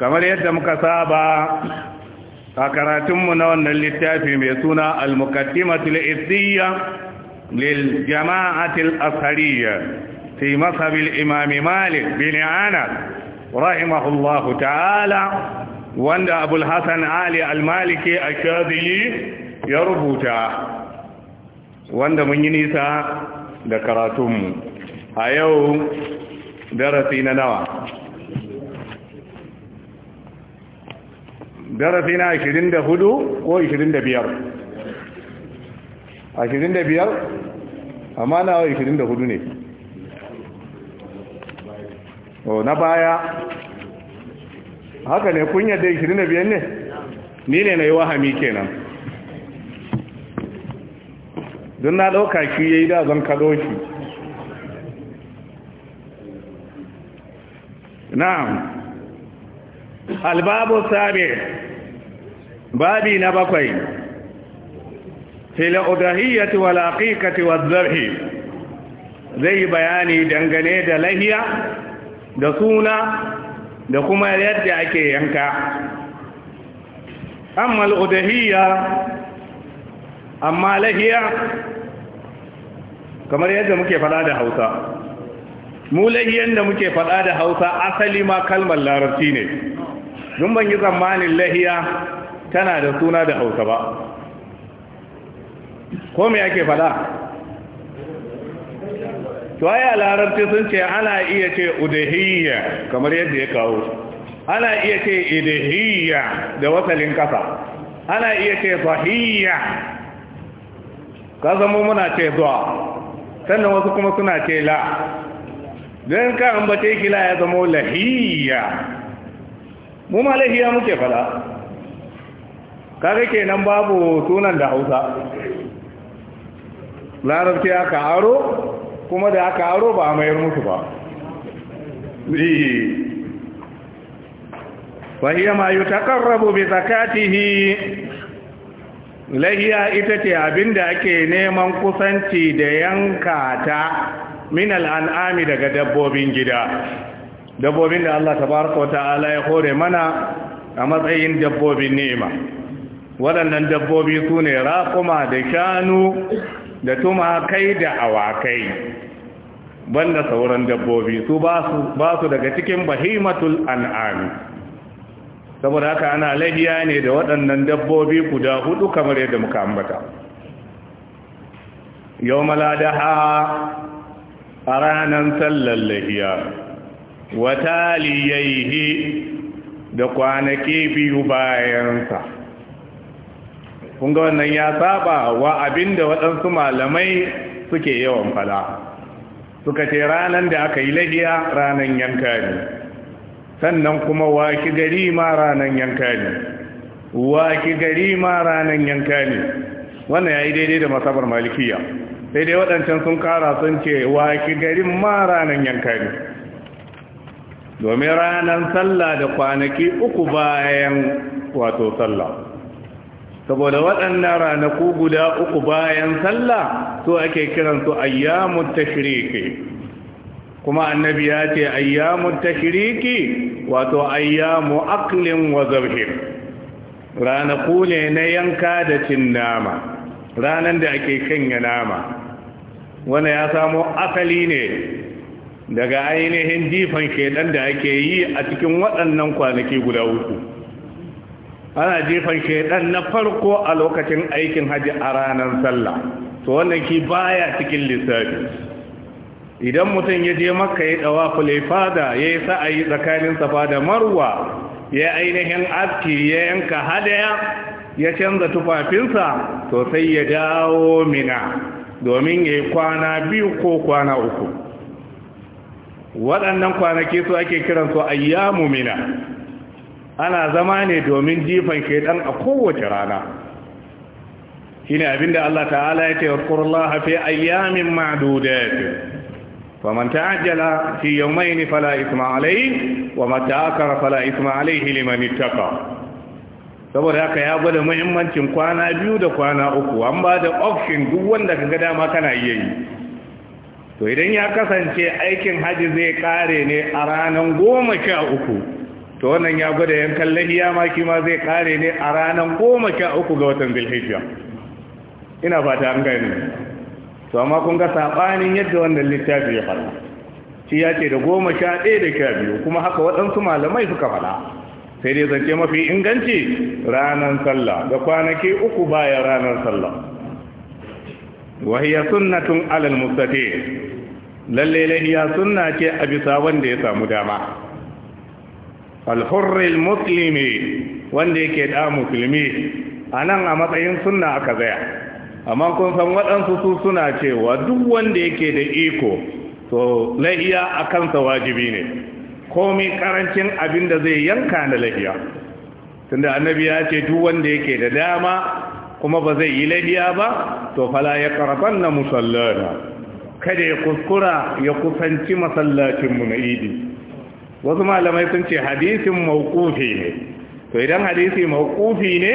kamar yadda muka saba a karatunmu na wannan littafi mai suna al-muqaddimatul isiyya lil jama'atil ashariya fi mazhabil imam malik bin anas rahimahullahu ta'ala wanda abul hasan ali al-maliki ash-shadili ya rubuta wanda mun yi nisa da karatunmu a yau darasi na nawa darasi na 24 ko 25 25 amma na 24 ne o na baya haka ne kun yadda 25 ne ni ne na yi wahami kenan don na ɗauka shi ya yi da zan kado shi na albabu sabi babi na bakwai fila udahiyyati wal haqiqati waz zarhi zai bayani dangane da lahiya da suna da kuma yadda ake yanka amma al udahiyya amma lahiya kamar yadda muke fada da Hausa mu lahiyan da muke fada da Hausa asali ma kalmar larabci ne dun ban yi zamanin lahiya tana da suna da hausa ba ko me ake fada tuwaya larabci sun ce ana iya ce udahiyya kamar yadda ya kawo ana iya ce idahiyya da wasalin kasa ana iya ce fahiyya ka zama muna ce zuwa sannan wasu kuma suna ce la don ka ambace kila ya zama lahiyya mu ma lahiyya muke fada kaga kenan babu sunan da hausa larabci aka aro kuma da aka aro ba a mayar musu ba fahiyya ma yi bi zakatihi lahiya ita ce abinda ake neman kusanci da yanka ta min an'ami daga dabbobin gida dabbobin da Allah tabaraka wa ta'ala ya hore mana a matsayin dabbobin ni'ima waɗannan dabbobi su ne raƙuma da shanu da tumakai da awakai banda sauran dabbobi su ba su daga cikin bahimatul an'ami saboda haka ana lahiya ne da waɗannan dabbobi guda hudu kamar yadda muka ambata yau ha a ranar sallar lahiya wata liyayi da kwanaki biyu bayansa kun ga wannan ya saba wa abinda waɗansu malamai suke yawan fala suka ce ranar da aka yi lahiya ranar yanka ne sannan kuma waki gari ma ranar yanka ne waki gari ma ranar yanka ne wannan ya yi daidai da masabar malikiya sai dai waɗancan sun kara sun ce waki garin ma ranar yanka ne domin ranar sallah da kwanaki uku bayan wato sallah saboda waɗannan ranaku guda uku bayan sallah so ake kiransu ayyamut tashriki kuma annabi ya ce ayyamut tashriki wato ayyamu aqlin wa zabhin ranaku ne na yanka da cin nama ranan da ake kanya nama wanda ya samo asali ne daga ainihin jifan shedan da ake yi a cikin waɗannan kwanaki guda uku ana jefan shaidan na farko a lokacin aikin haji a ranar sallah to wannan ki baya cikin lissafi idan mutum ya je makka ya dawa fada ya yi sa'ayi tsakanin safa da marwa ya ainihin aski ya yanka hadaya ya canza tufafinsa to sai ya dawo mina domin ya yi kwana biyu ko kwana uku waɗannan kwanaki su ake kiransu ayyamu mina ana zama ne domin jifan shaidan a kowace rana shine abinda Allah ta'ala ya ce yadhkurullaha fi ayyamin ma'dudat faman ta'ajjala fi yawmayn fala ithma alayhi wa man ta'akkara fala ithma alayhi liman ittaqa saboda haka ya gwada muhimmancin kwana biyu da kwana uku an ba da option duk wanda kaga dama kana iya yi to idan ya kasance aikin haji zai kare ne a ranar goma sha uku to wannan ya gwada yan kallon iya maki ma zai kare ne a ranar goma sha uku ga watan zilhijiya ina fata an gani to amma kun ga saɓanin yadda wannan littafi ya fara shi ya ce da goma sha ɗaya da sha biyu kuma haka waɗansu malamai suka faɗa sai dai zance mafi inganci ranar sallah da kwanaki uku baya ranar sallah suna sunnatun alal mustati lalle lahiya sunna ce a bisa wanda ya samu dama alhurril المسلم wanda yake da musulmi anan a matsayin sunna aka zaya amma kun san waɗansu su suna cewa duk wanda yake da iko to lahiya a kansa wajibi ne komai karancin abin da zai yanka na lahiya tunda annabi ya ce duk wanda yake da dama kuma ba zai yi lahiya ba to fala ya karfan na musallana kada ya kuskura ya kusanci masallacinmu na idi wasu malamai sun ce hadisin mawkufi ne to idan hadisi mawkufi ne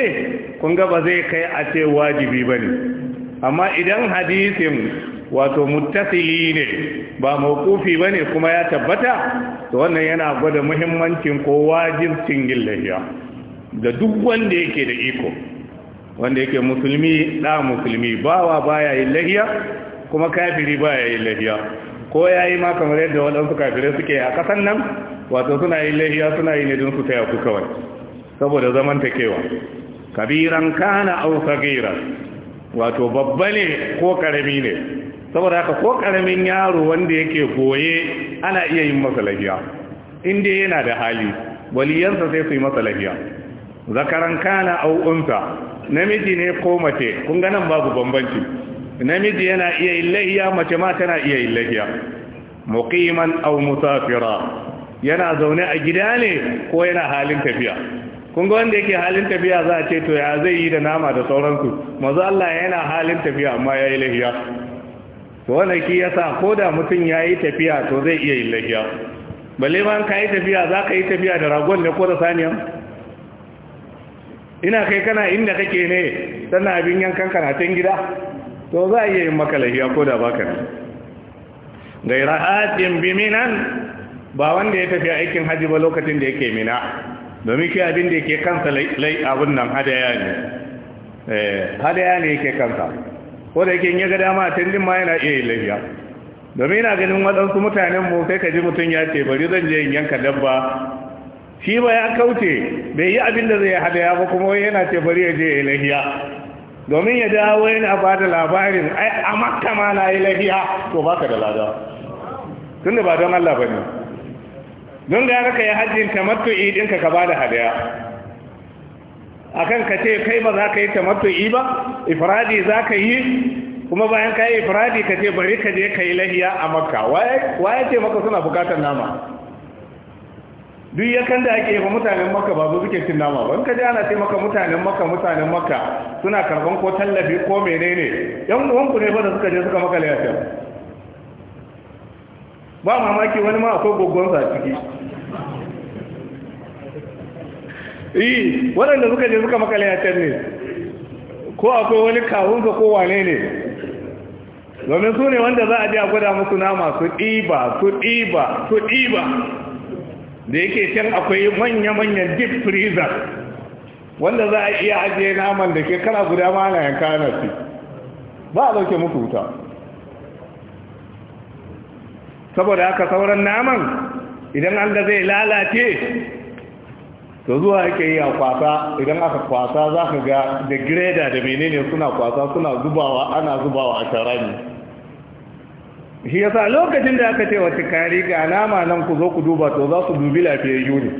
kun ga ba zai kai a ce wajibi bane amma idan hadisin wato muttasili ne ba ba bane kuma ya tabbata to wannan yana gwada muhimmancin ko wajibcin yin lahiya da duk wanda yake da iko wanda yake musulmi da musulmi bawa baya yin lahiya kuma kafiri baya yin lahiya ko ya yi ma kamar yadda waɗansu kafirai suke a ƙasan nan wato suna yi lahiya suna yi ne don su taya ku kawai saboda zaman ta kewa kabiran kana au sagira wato babba ne ko karami ne saboda haka ko karamin yaro wanda yake goye ana iya yin masa lahiya in dai yana da hali waliyansa sai su yi masa lahiya zakaran kana au unsa namiji ne ko mace kun ga nan babu bambanci namiji yana iya illahiya mace ma tana iya illahiya muqiman aw musafira yana zaune a gida ne ko yana halin tafiya kun ga wanda yake halin tafiya za a ce to ya zai yi da nama da sauransu manzo Allah yana halin tafiya amma ya yi lahiya to wannan ki yasa ko da mutum ya yi tafiya to zai iya yin lahiya balle ma ka yi tafiya za ka yi tafiya da ragon ne ko da saniya ina kai kana inda kake ne sannan abin yankan karatun gida to za a iya yin maka lahiya ko da baka ne gaira hatin biminan ba wanda ya tafi aikin haji ba lokacin da yake mina domin shi abin da yake kansa lai abin nan hadaya ne eh, hadaya ne yake kansa ko da yake ya ga dama a tindin ma yana iya yin lahiya domin yana ganin waɗansu mutanen mu sai ka ji mutum ya ce bari zan je in yanka dabba shi ba ya kauce bai yi abin da zai hadaya ba kuma yana ce bari ya je ya lahiya domin ya dawo yana ba da labarin ai a makka ma na yi lafiya to baka da lada da ba don Allah ne don gara ka yi hajjin tamattu'i ɗinka ka ba da hadaya kan ka ce kai ba za ka yi tamattu'i ba Ifiradi za ka yi kuma bayan ka yi ifiradi ka ce bari ka je ka yi lahiya a makka waya ce maka suna bukatar nama duk yakan da ake ba mutanen maka ba su suke cin nama ban kaji ana ce maka mutanen maka mutanen maka suna karban ko tallafi ko menene yan uwanku ne ba da suka je suka maka lafiya ba mamaki wani ma akwai gogonsa a ciki yi waɗanda suka je suka maka lafiya ne ko akwai wani kawunka ko wane ne domin su ne wanda za a je a gwada musu nama su ɗiba su ɗiba su ɗiba da yake can akwai manya-manyan deep freezer wanda za a iya ajiye naman da ke, kana guda ma na yanka na fi ba a dauke muku wuta saboda haka sauran naman idan an da zai lalace to zuwa yake yi a kwasa idan aka kwasa za ka ga da greda da menene suna kwasa suna zubawa ana zubawa a tarani shi yasa lokacin da aka ce wa tikari ga alama nan ku zo ku duba to za su dubi lafiyar ne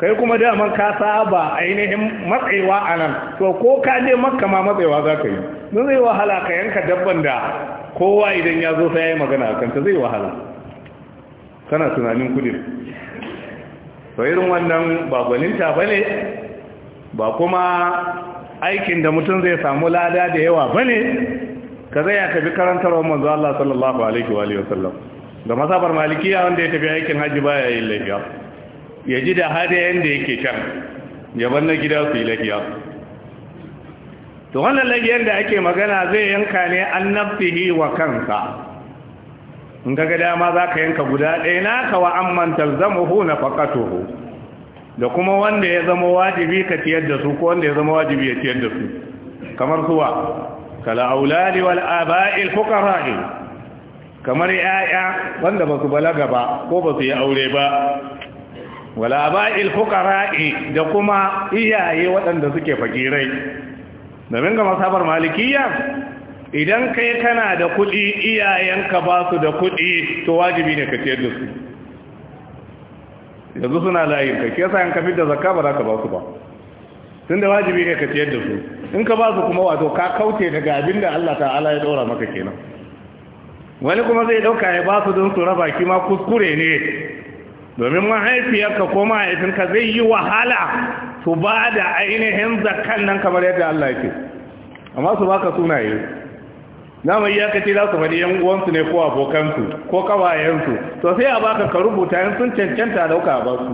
kai kuma daman ka saba ainihin matsewa a nan to ko ka je makka ma matsewa za ka yi don zai wahala ka yanka dabban da kowa idan ya zo sai ya yi magana a kanta zai wahala kana tunanin kudin to irin wannan ba gwaninta ba ne ba kuma aikin da mutum zai samu lada da yawa ba ne ka zai aka bi karantarwar manzo Allah sallallahu alaihi wa alihi Da masabar malikiya wanda ya tafi aikin haji baya yin lafiya ya ji da hadayen da yake can ya bar na gida su yi lafiya to wannan lafiyar da ake magana zai yanka ne an nafsihi wa kansa in ga dama za ka yanka guda ɗaya na wa amman mantar zama hu na faƙatuhu da kuma wanda ya zama wajibi ka ciyar da su ko wanda ya zama wajibi ya ciyar da su kamar suwa kala aulali wal aba'il fuqara'i kamar yaya wanda ba su balaga ba ko ba su yi aure ba wala ba'il fuqara'i da kuma iyaye waɗanda suke fakirai Da domin ga masabar malikiya idan kai kana da kuɗi iyayenka ba su da kuɗi to wajibi ne ka ciyar da su yanzu suna layin ka ke sa yanka fi da zakka ba za ka ba su ba tun da wajibi ne ka ciyar da su in ka ba su kuma wato ka kauce daga abinda da Allah ta'ala ya ɗora maka kenan wani kuma zai ɗauka ya ba su don su raba kima kuskure ne domin mahaifiyarka ko mahaifinka zai yi wahala su ba da ainihin zakan nan kamar yadda Allah yake amma su baka sunaye na mai kace za su faɗi yan uwansu ne ko abokansu ko kawayensu to sai a baka ka rubuta in sun cancanta dauka a basu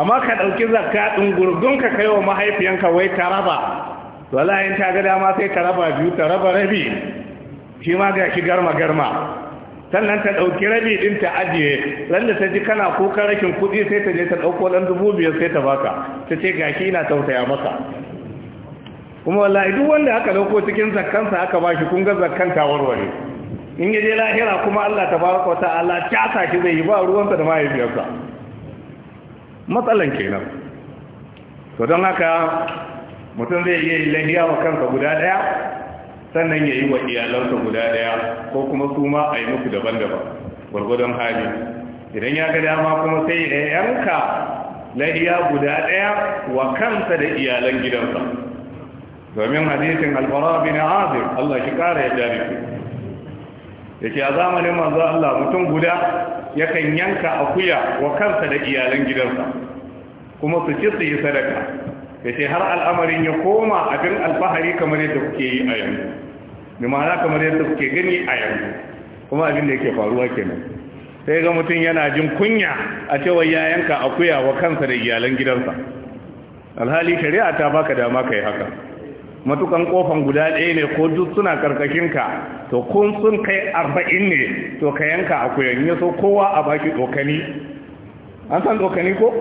amma ka ɗauki zakka ɗin gurgun ka kai wa mahaifiyanka wai ta raba Wala in ta ga dama sai ta raba biyu ta raba rabi shi ma ga shi garma garma sannan ta ɗauki rabi ɗin ta ajiye lalle ta ji kana kuka rashin kuɗi sai ta je ta ɗauko ɗan dubu biyar sai ta baka ta ce ga shi ina tausaya maka kuma wallahi duk wanda aka ɗauko cikin zakkansa aka ba shi kun ga zakkan ta warware in ya je lahira kuma Allah ta baraka wata Allah ta sa shi zai yi ba ruwansa da mahaifiyarsa matsalan kenan to don haka mutum zai iya yi lahiya wa kansa guda daya sannan ya yi wa iyalansa guda daya ko kuma su ma a yi musu daban-daban gwargwadon hali idan ya ga dama kuma sai ya yanka lahiya guda daya wa kansa da iyalan gidansa domin hadisin alfara bin azir Allah shi kara ya jarifi da ke a zamanin manzo Allah mutum guda yakan yanka akuya wa kansa da iyalan gidansa kuma su ci su yi sadaka ya ce har al'amarin ya koma abin alfahari kamar yadda kuke yi a yanzu mai ma'ana kamar yadda kuke gani a yanzu kuma abin da yake faruwa kenan sai ga mutum yana jin kunya a cewa ya yanka akuya wa kansa da iyalan gidansa alhali shari'a ta baka dama kai haka matukan kofan guda ɗaya ne ko duk suna karkashinka to kun sun kai arba'in ne to ka yanka in ya so kowa a baki tsokani an san tsokani ko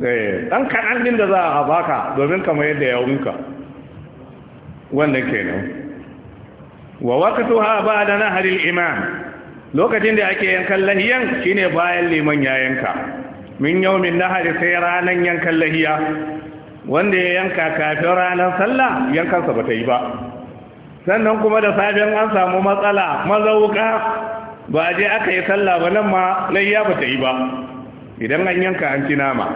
ɗan eh, kaɗan ɗin da za a baka domin kama yadda ya wunka wannan nan wa wakatu ha ba da haril iman. lokacin da ake yankan lahiyan shi ne bayan liman ya yanka min na nahari sai ranar yankan lahiya wanda ya yanka kafin ranar sallah yankansa ba ta yi ba sannan kuma da safen an samu matsala mazauka ba a je aka yi sallah ba nan ma layya ba ta yi ba idan an yanka an ci nama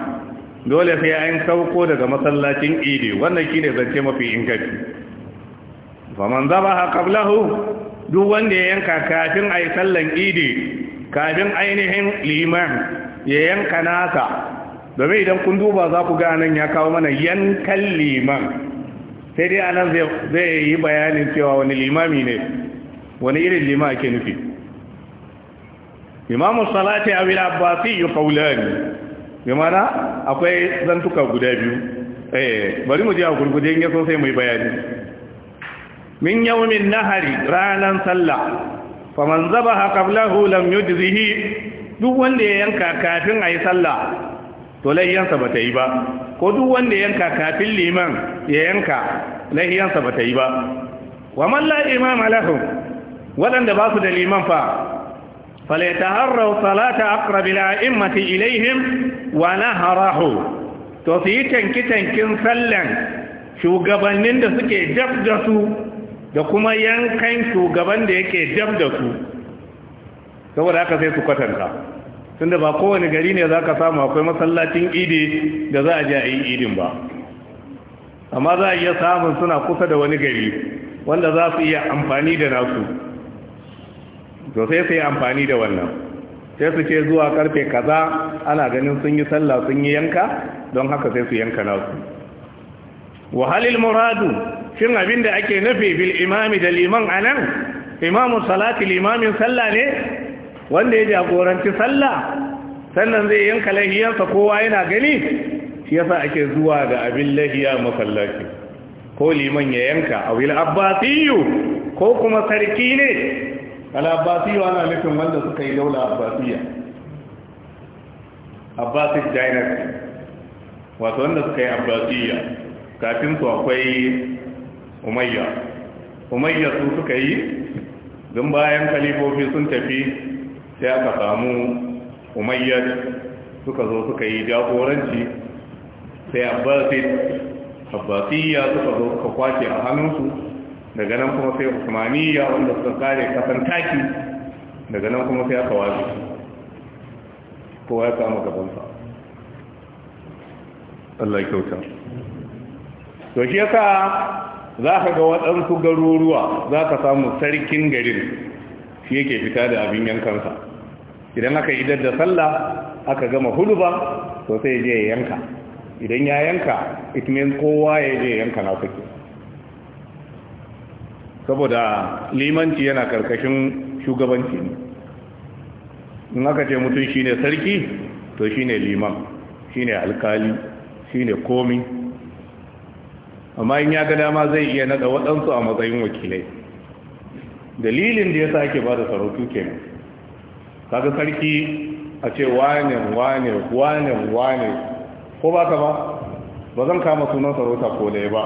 dole sai an sauko daga masallacin idi wannan ne zance mafi inganci faman a qablahu duk wanda ya yanka kafin a yi sallan idi kafin ainihin liman ya yanka nasa domin idan kun duba za ku ga nan ya kawo mana yankan liman sai dai anan zai yi bayanin cewa wani limami ne wani irin lima ake nufi imamu salati awil abbasi yuqawlani bi mana akwai zantuka guda biyu eh bari mu je a gurguje in yaso sai mu yi bayani min yawmin nahari ranan sallah faman zabaha qablahu lam yujzihi duk wanda ya yanka kafin ayi sallah to layyansa bata yi ba ko duk wanda ya yanka kafin liman ya yanka layyansa bata yi ba wa man la imama lahum wadanda ba su da liman fa فليتهروا صلاة أقرب الأئمة wa ونهره to su yi tanki-tankin sallan shugabannin da suke dab da su da kuma yankan shugaban da yake dab da su saboda haka sai su kwatanta tunda ba kowane gari ne za ka samu akwai masallacin idi da za a ji a yi idin ba amma za a iya samun suna kusa da wani gari wanda za su iya amfani da nasu to sai su yi amfani da wannan sai su ce zuwa karfe kaza ana ganin sun yi sallah sun yi yanka don haka sai su yanka nasu wahalil muradu shin abin da ake nufi bil imami da liman a nan imamun salati limamin sallah ne wanda ya jagoranci sallah sannan zai yanka lahiyarsa kowa yana gani shi yasa ake zuwa ga abin lahiya masallaci ko liman ya yanka a wil abbasiyu ko kuma sarki ne al-abbasiyu ana nufin wanda suka yi daula abbasiyya abbasic dynasty wato wanda suka yi abbasiyya kafin su akwai umayya umayya su suka yi don bayan kalifofi sun tafi sai aka samu umayya suka zo suka yi jagoranci sai abbasid abbasiyya suka zo suka kwace a hannunsu daga nan kuma sai usmaniya wanda suka kare kasan taki daga nan kuma sai aka wazi kowa ya kama gabansa Allah ya kyauta to shi yasa za ka ga waɗansu garuruwa za ka samu sarkin garin shi yake fita da abin yankansa idan aka idar da sallah aka gama huluba to sai je ya yanka idan ya yanka it means kowa ya je yanka na suke saboda limanci yana karkashin shugabanci ne in aka ce mutum shine sarki to shine liman shine alkali shine komi amma in ya ga dama zai iya naɗa waɗansu a matsayin wakilai dalilin da ya sa ake ba da sarautu kenan kaga sarki a ce wane wane wane wane ko ba ka ba ba zan kama sunan sarauta ko da ba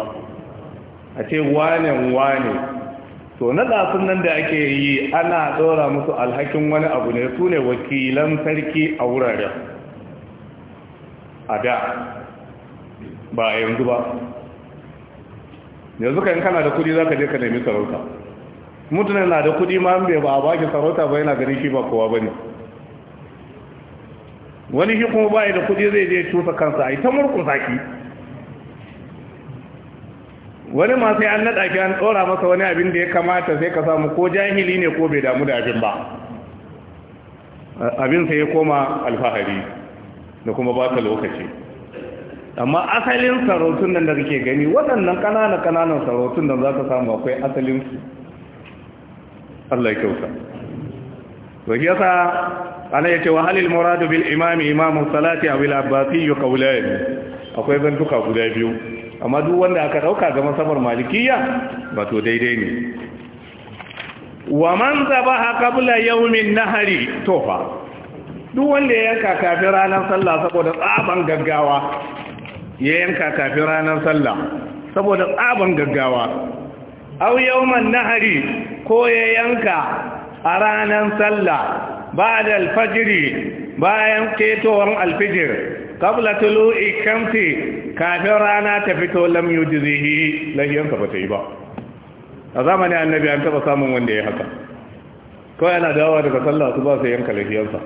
a ce wane wane to na ɗasun nan da ake yi ana ɗora musu alhakin wani abu ne su ne wakilan sarki a wuraren a da ba a yanzu ba yanzu kan kana da kudi za ka je ka nemi sarauta mutunan na da kudi ma mbe ba a baki sarauta ba yana ganin shi ba kowa ba ne wani shi kuma ba da kudi zai je cusa kansa a yi ta murkun saki wani ma sai an naɗa ki an ɗora masa wani abin da ya kamata sai ka samu ko jahili ne ko bai damu da abin ba abin sai ya koma alfahari da kuma ba ta lokaci amma asalin sarautun nan da kake gani waɗannan ƙananan ƙananan sarautun nan za ka samu akwai asalin su Allah ya kyauta to shi yasa ana yace wa halil muradu bil imami imamu salati aw al abbasi qawlan akwai zantuka guda biyu amma duk wanda aka dauka ga masabar malikiya ba to daidai ne wa man zabaha qabla yawmin nahri tofa duk wanda ya yanka kafin ranar sallah saboda tsaban gaggawa ya yanka kafin ranar sallah saboda tsaban gaggawa aw yawman nahri ko ya yanka a ranar sallah ba'da al-fajr bayan ketowar al-fajr kabla tulu ikamti kafin rana ta fito lam yujzihi lahiyanka ba ta yi ba a zamanin annabi an taba samun wanda ya haka kawai ana dawowa daga sallah su ba sai yanka lahiyansa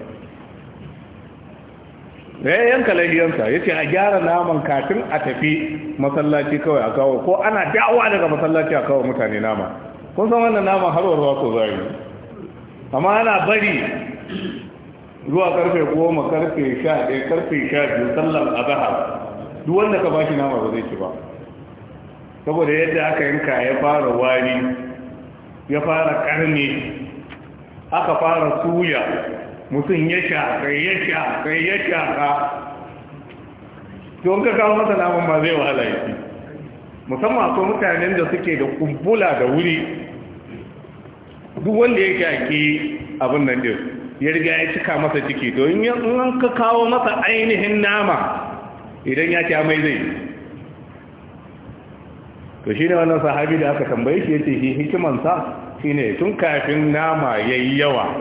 ya eh, yanka lahiyansa ya ce a gyara naman kafin a tafi masallaci kawai a kawo ko ana dawowa daga masallaci a kawo mutane nama kun san wannan naman har warwa ko zai amma ana bari zuwa karfe goma karfe sha ɗaya karfe sha biyu sallan azahar duk wanda ka bashi nama ba zai ci ba saboda yadda aka yanka ya fara wari ya fara karni aka fara suya mutum ya kai ya kai ya ka don ka kawo masa naman ba zai wahala yake musamman ko mutanen da suke da kumbula da wuri duk wanda ya shaƙi abin nan din ya riga ya cika masa ciki to in an ka kawo masa ainihin nama idan ya kya mai zai to shi ne wannan sahabi da aka tambaye shi ya ce hikimansa shi ne tun kafin nama ya yi yawa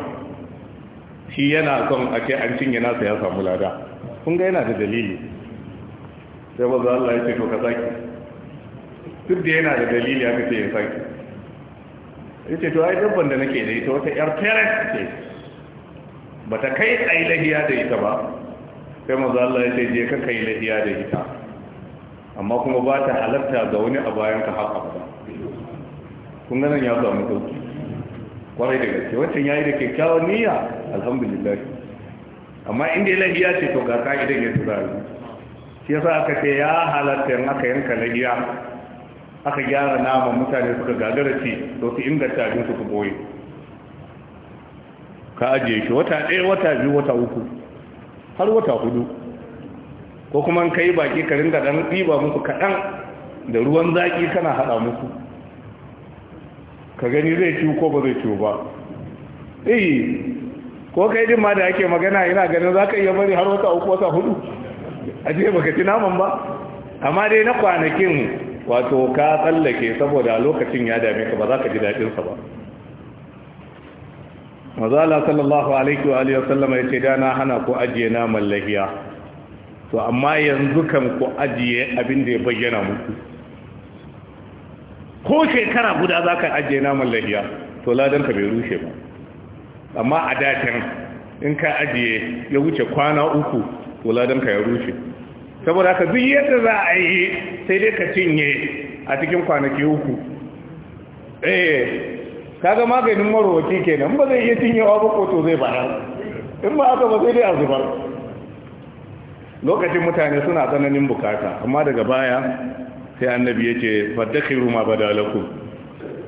shi yana son a ce an cinye nasa ya samu lada kun ga yana da dalili sai ba za Allah ya ce to ka sake duk da yana da dalili aka ce ya sake ya ce to ai dabban da nake da ita wata yar teret ce ba ta kai a yi lahiya da ita ba sai maza Allah ya ce je ka kai lahiya da ita amma kuma ba ta halatta ga wani a bayan ka haka ba kun ganin ya samu sauki kwarai da gaske wancan ya yi da kyakkyawan niyya alhamdulillah amma inda ya lahiya ce to ga ka'idan ya tura shi yasa aka ce ya halatta in aka yanka lahiya aka gyara nama mutane suka gagara ce to su inganta abin su ku boye ka ajiye shi wata ɗaya wata biyu wata uku har wata hudu ko kuma ka yi baki ka ringa ɗan ɗiba musu kaɗan da ruwan zaƙi kana haɗa musu ka gani zai ci ko ba zai ci ba eh ko kai yi ma da ake magana yana ganin za ka iya bari har wata uku wata hudu a ce baka ci naman ba amma dai na kwanakin wato ka tsallake saboda lokacin ya dame ka ba za ka ji daɗinsa ba mazala sallallahu alaihi wa alihi wasallama ya da na hana ku ajiye naman lahiya to amma yanzu kan ku ajiye abin da ya bayyana muku ko shekara guda za ka ajiye naman lahiya to ladanka bai rushe ba amma a datin in ka ajiye ya wuce kwana uku to ladanka ya rushe saboda ka duk yadda za a yi sai dai ka cinye a cikin kwanaki uku eh kaga maganin marowaci kenan ba zai iya cinyewa ba ko to zai fara, in ba aka ba sai dai a zubar lokacin mutane suna tsananin bukata amma daga baya sai annabi ya ce faddakhiru ma badalaku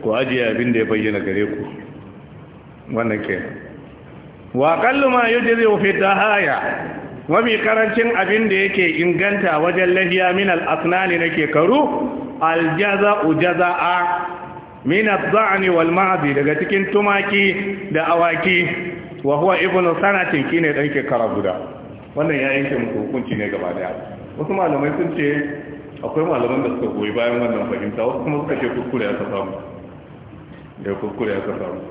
ku ajiye abin da ya bayyana gare ku wannan ke wa kallu ma yujri fi dahaya wa bi karancin abin da yake inganta wajen lafiya min al asnani nake karu al jaza'u jaza'a min az-za'n wal ma'zi daga cikin tumaki da awaki wa huwa ibnu sanatin kine dan shekara guda wannan ya yanke muku hukunci ne gaba daya wasu malamai sun ce akwai malaman da suka goyi bayan wannan fahimta wasu kuma suka ce kuskure aka samu da kuskure aka samu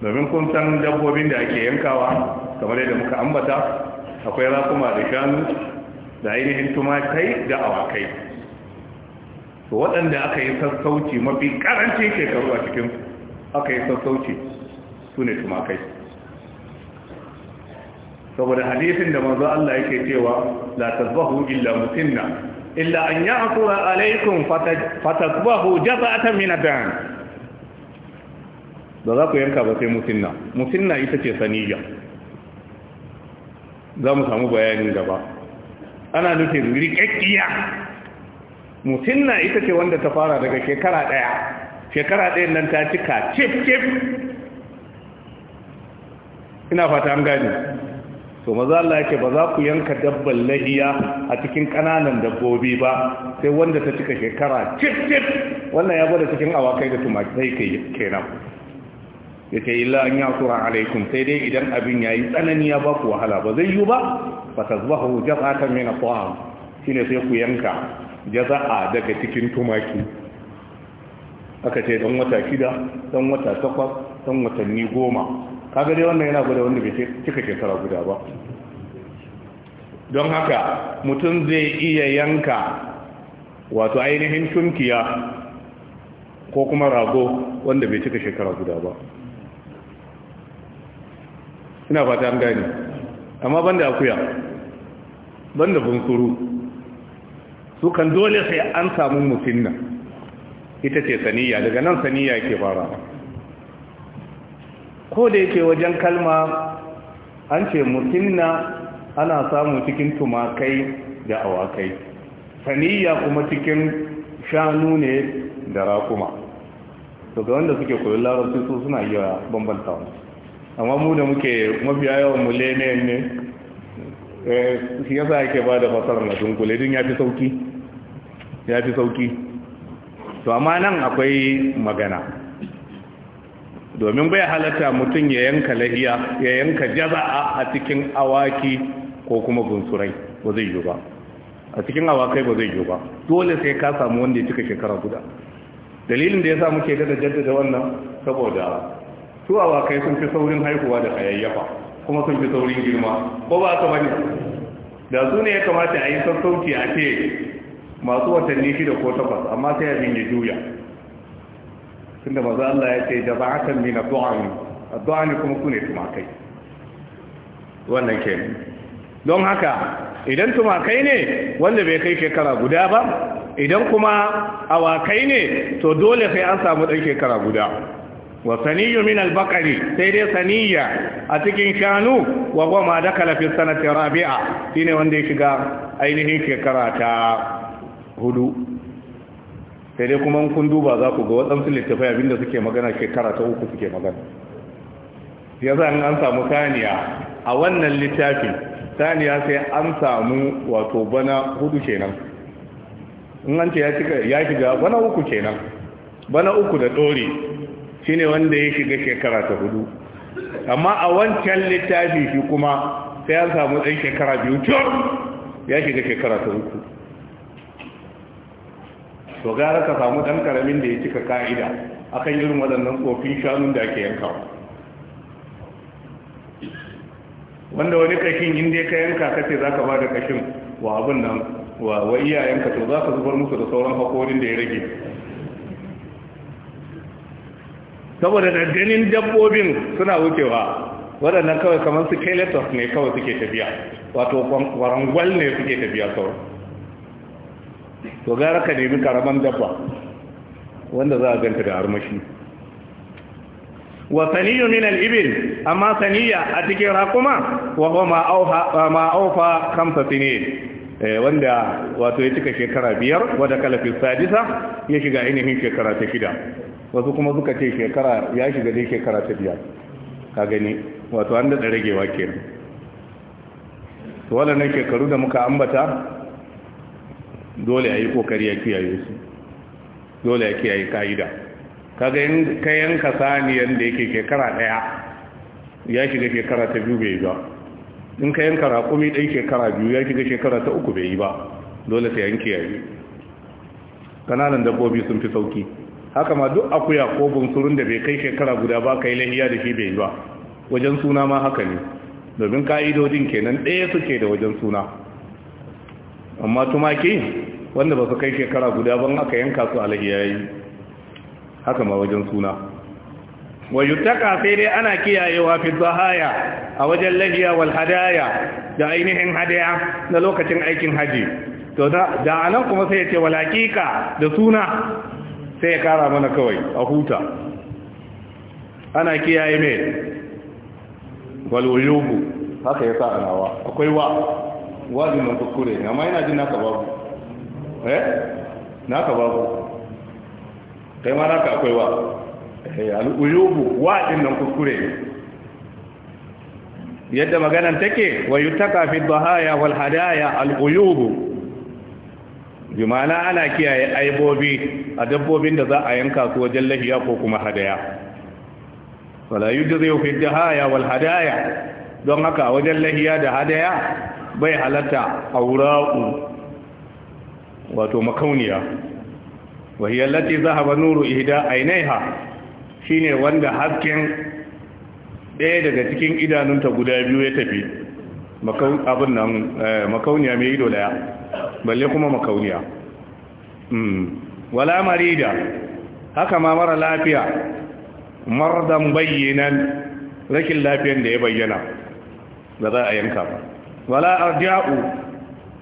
domin kun san dabbobin da ake yankawa kamar yadda muka ambata akwai rakuma da shanu da ainihin tumakai da awakai to waɗanda aka yi sassauci mafi ke shekaru a cikin aka yi sassauci su ne tumakai saboda hadisin da manzo Allah yake cewa la tasbahu illa musinna illa an ya'thura alaikum fatasbahu jaza'atan min adan da za ku yanka ba sai musinna musinna ita ce saniya za mu samu bayanin gaba ana nufin rikakkiya musinna ita ce wanda ta fara daga shekara ɗaya shekara ɗayan nan ta cika cif cif ina fata an gani to maza Allah yake ba za ku yanka dabban lahiya a cikin kananan dabbobi ba sai wanda ta cika shekara cif cif wannan ya gwada cikin awakai da sai kai kenan ya ce illa an yasura alaikum sai dai idan abin yayi tsanani ya ba ku wahala ba zai yi ba fa akan jaz'atan min taam shine sai ku yanka Ya a daga cikin tumaki aka ce don wata shida don wata takwas don watanni goma kaga dai wannan yana gwada wanda bai cika shekara guda ba don haka mutum zai iya yanka wato ainihin tunkiya ko kuma rago wanda bai cika shekara guda ba ina fata an gani amma banda akuya banda bunsuru su kan dole sai an samu musinna ita ce saniya daga nan saniya yake fara ko da yake wajen kalma an ce musinna ana samu cikin tumakai da awakai saniya kuma cikin shanu ne da rakuma to ga wanda suke koyon larabci su suna iya bambanta amma mu da muke mafiya yawan mu lene ne eh, shi yasa ake ba da fasarar na dunkule din ya fi sauki ya fi sauki to amma nan akwai magana domin bai halatta mutum ya yanka lahiya ya yanka jaza'a a cikin awaki ko kuma gunsurai ba zai yi ba a cikin awakai ba zai yi ba dole sai ka samu wanda ya cika shekara guda dalilin da ya sa muke da jaddada wannan saboda su awakai sun fi saurin haihuwa da hayayyafa kuma sun fi saurin girma ko ba ka bane da su ne ya kamata a yi sassauci a ce masu watanni shida ko takwas amma sai abin ya juya tunda maza Allah ya ce da ba jama'atan na addu'ani addu'ani kuma ku ne tumakai wannan ke don haka idan tumakai ne wanda bai kai shekara guda ba idan kuma awakai ne to dole sai an samu ɗan shekara guda wa saniyu min albaqari sai dai saniyya a cikin shanu wa goma dakala fi sanati rabi'a shine wanda ya shiga ainihin shekara ta hudu sai dai kuma kun duba za ku ga waɗansu littafai abinda suke magana shekara ta uku suke magana ya za an samu saniya a wannan littafin saniya sai an samu wato bana hudu kenan in an ce ya shiga bana uku kenan bana uku da ɗore ne wanda ya shiga shekara ta hudu amma a wancan littafi shi kuma sai an samu ɗan shekara biyu ya shiga shekara ta uku to gara ka samu dan karamin da ya cika ka'ida akan irin waɗannan tsofin shanun da ake yanka. wanda wani kashin inda ka yanka ka ce za ka ba da kashin wa abin nan wa iyayenka to za ka zubar musu da sauran hakorin da ya rage saboda da ganin dabbobin suna wucewa waɗannan kawai kamar su keletors ne kawai suke tafiya wato kwarangwal ne suke tafiya kawai to gara ka nemi karaman dabba wanda za a ganta da armashi wa saniyu min al-ibil amma saniya a cikin raƙuma wa huwa ma auha ma aufa khamsa sinin eh, wanda wato ya cika shekara biyar kala fi sadisa ya shiga ainihin shekara ta shida wasu kuma suka ce shekara ya shiga dai shekara ta biyar ka gani wato an da ragewa kenan to wannan shekaru da muka ambata dole a yi kokari ya kiyaye su dole ya kiyaye ka'ida kaga in ka yanka saniyan da yake shekara daya ya shiga shekara ta biyu bai ba in ka yanka raƙumi ɗai shekara biyu ya shiga shekara ta uku bai yi ba dole sai an kiyaye kananan dabbobi sun fi sauki haka ma duk akuya ko bunsurun da bai kai shekara guda ba kai lahiya da shi bai yi ba wajen suna ma haka ne domin ka'idodin kenan ɗaya suke da wajen suna amma tumaki wanda ba su kai shekara guda ban aka yanka su alahi haka ma wajen suna wa sai dai ana kiyayewa fi zahaya a wajen lahiya wal hadaya da ainihin hadaya na lokacin aikin haji to da anan kuma sai ya ce wal haqiqa da suna sai ya kara mana kawai a huta ana kiyaye mai wal wuyubu haka ya sa anawa akwai wa wajin nan kuskure amma yana jin naka babu eh naka babu kai ma naka akwai wa eh al nan kuskure yadda maganan take wayu yutaka fi bahaya wal hadaya al-uyubu bi ma'ana ana kiyaye aibobi a dabbobin da za a yanka su wajen lahiya ko kuma hadaya wala yujzi fi dhahaya wal hadaya don haka wajen lahiya da hadaya bai halatta aura'u wato makauniya wahiyar lati zahaba nuru ihda ainiha shine wanda hasken ɗaya daga cikin idanunta guda biyu ya tafi abin nan eh, makauniya mai ido daya balle kuma makauniya hmm. wala marida haka ma mara lafiya mardan bayyanan rashin lafiyan da ya bayyana da za a yanka wala arja'u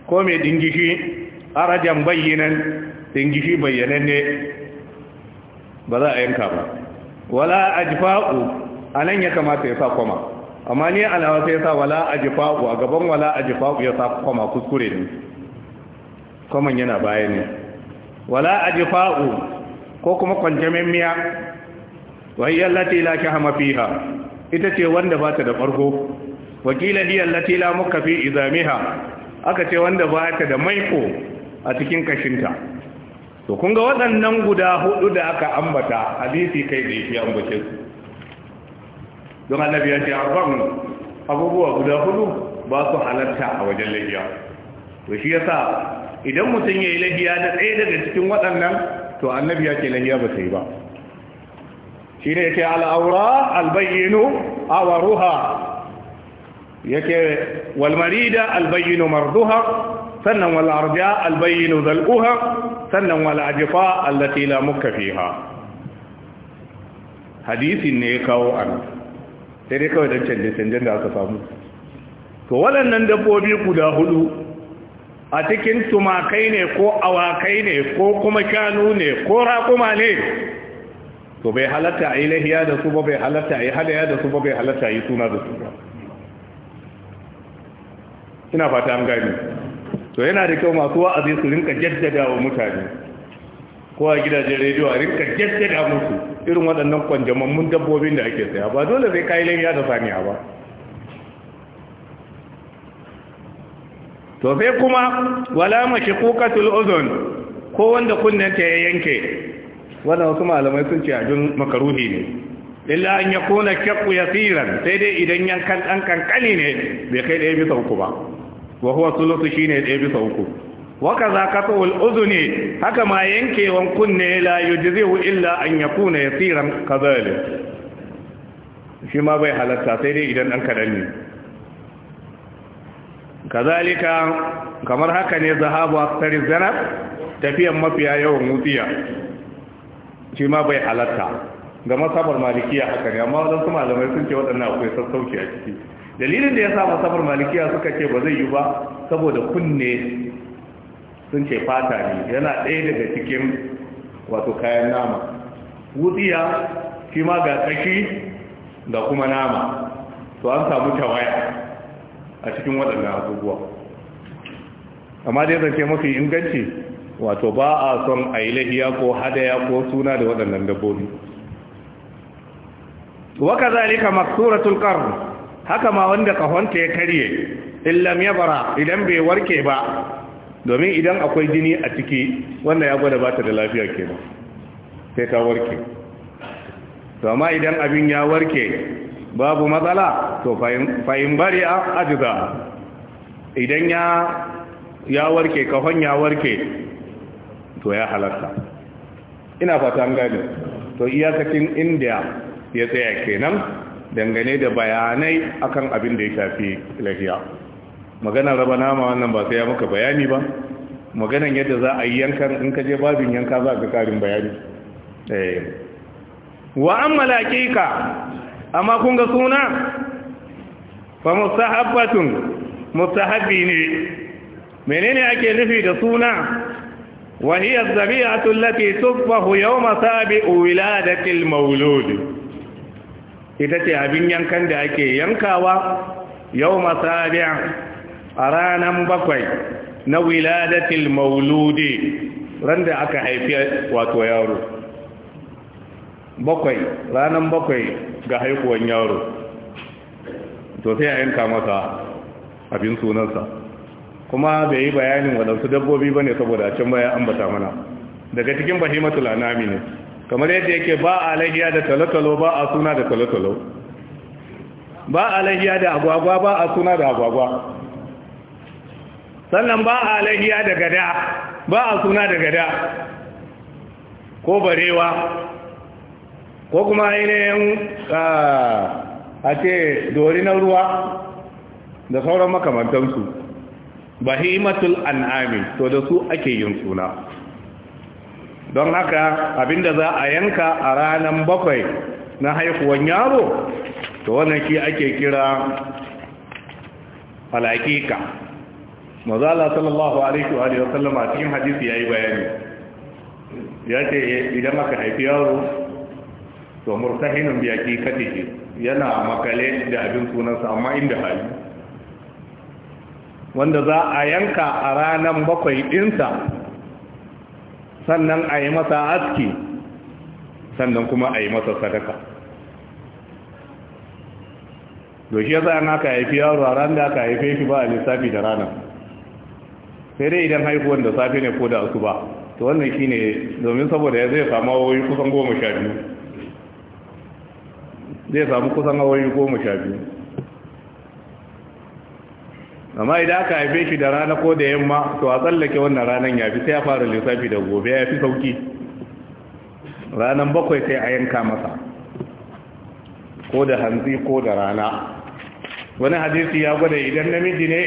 ko mai dingishi harajan bayyanan bayyanan ne. ba za a yanka ba wala ajfa'u anan ya kamata ya sa koma amma ni alawa sai ya sa wala ajfa'u a gaban wala ajfa'u ya sa koma kuskure ne koman yana baya ne wala ajfa'u ko kuma kwanjamin miya wa hiya allati la shahama fiha ita ce wanda ba ta da farko wakila hiya allati la mukafi fi izamiha aka ce wanda ba ta da maiko a cikin kashinta to kun ga waɗannan guda hudu da aka ambata hadisi kai da yake ambace su don annabi ya ce arban abubuwa guda hudu ba su halatta a wajen lahiya to shi yasa idan mutum ya yi lahiya da ɗaya daga cikin waɗannan to annabi ya ce lahiya ba sai ba shi ne ya ce al'aura albayyinu awaruha yake walmarida marida al bayyin marduha sannan wal arja al bayyin zal'uha sannan wal ajfa allati la mukka fiha hadisin ne ya kawo an sai dai kawai don canje canjen da aka samu to waɗannan dabbobi guda hudu a cikin tumakai ne ko awakai ne ko kuma shanu ne ko raƙuma ne to bai halatta a yi lahiya da su ba bai halatta a yi halaya da su ba bai halatta a yi suna da su ba ina fata an gani to yana da kyau masu wa'azi su rinka jaddada wa mutane ko a gidajen rediyo a rinka jaddada musu irin waɗannan kwanjamammun dabbobin da ake saya ba dole sai kayi lanya da saniya ba to sai kuma wala kuka uzun ko wanda kunnanta ya yanke wannan wasu malamai sun ce jin makaruhi ne illa an yakuna kaqu yasiran sai dai idan yankan ɗan kankani ne bai kai ɗaya bisa uku ba wa huwa sulusu shine ɗaya bisa uku wa kaza qat'ul udhuni haka ma yankewan kunne la yujzihu illa an yakuna yasiran kadhalik shi ma bai halatta sai dai idan dan kadan ne kazalika kamar haka ne zahabu aktari zanab tafiyan mafiya yawan mutiya shi ma bai halatta ga masabar malikiya haka ne amma wadansu malamai sun ce waɗannan akwai sassauci a ciki dalilin da ya sa masafar malikiya suka ce ba zai yi ba saboda kunne sun ce fata ne yana ɗaya daga cikin wato kayan nama wutsiya shi ma ga tsaki da kuma nama to an samu tawaya a cikin waɗannan abubuwa amma dai zance mafi inganci wato ba a son a yi lahiya ko hadaya ko suna da waɗannan dabbobi waka zalika maksuratul qarn haka ma wanda kahonta ya karye illam ya bara idan bai warke ba domin idan akwai jini a ciki wanda ya gwada ba ta da lafiya ke ba sai ta warke to amma idan abin ya warke babu matsala to fahim bari a ajiza idan ya warke kahon ya warke to ya halarta ina fata an gani to iyakacin inda ya tsaya kenan dangane da bayanai akan abin da ya shafi lafiya maganar raba nama wannan ba sai ya maka bayani ba maganar yadda za a yi yankan in ka je babin yanka za ka karin bayani eh. wa an ka, amma kun ga suna fa mustahabbatun mustahabbi ne menene ake nufi da suna wa hiya zabi'atu allati tufahu yawma sabi'u wiladatil mawlud ita ce abin yankan da ake yankawa yau masabiya a ranar bakwai na wiladatil mauludi da aka haifi wato yaro bakwai ranar bakwai ga haikuwan yaro to sai a yanka masa abin sunansa kuma bai yi bayanin waɗansu dabbobi ba ne saboda can baya ambata mana daga cikin bahimatul anami ne kamar yadda yake ba a lahiya da talotalo ba a suna da talotalo ba a lahiya da agwagwa ba a suna da agwagwa sannan ba a lahiya da gada ba a suna da gada ko barewa ko kuma ainihin ah, a ce dori na ruwa da sauran makamantansu ba himatul an'ami to da su ake yin suna don haka abinda za a yanka a ranar bakwai na haifuwan yaro to wannan ki ake kira alhaƙiƙa mazala sallallahu alaihi wa sallama cikin hadisi ya yi bayani ya ce eh, idan aka haifi yaro to murtahinin biya ki katiki yana makale da abin sunansa amma inda hali wanda za a yanka a ranar bakwai ɗinsa sannan a yi masa aski sannan kuma a yi masa sadaka doshi ya an aka haifi yaro a ran da aka haife shi ba a lissafi da ranar sai dai idan haihuwan da safe ne ko da su ba to wannan shi ne domin saboda ya zai samu awoyi kusan goma sha biyu zai samu kusan awoyi goma sha biyu amma idan aka haife shi da rana ko da yamma to a tsallake wannan ranan ya fi sai ya fara lissafi da gobe ya fi sauki ranan bakwai sai a yanka masa ko da hanzi ko da rana wani hadisi ya gwada idan namiji ne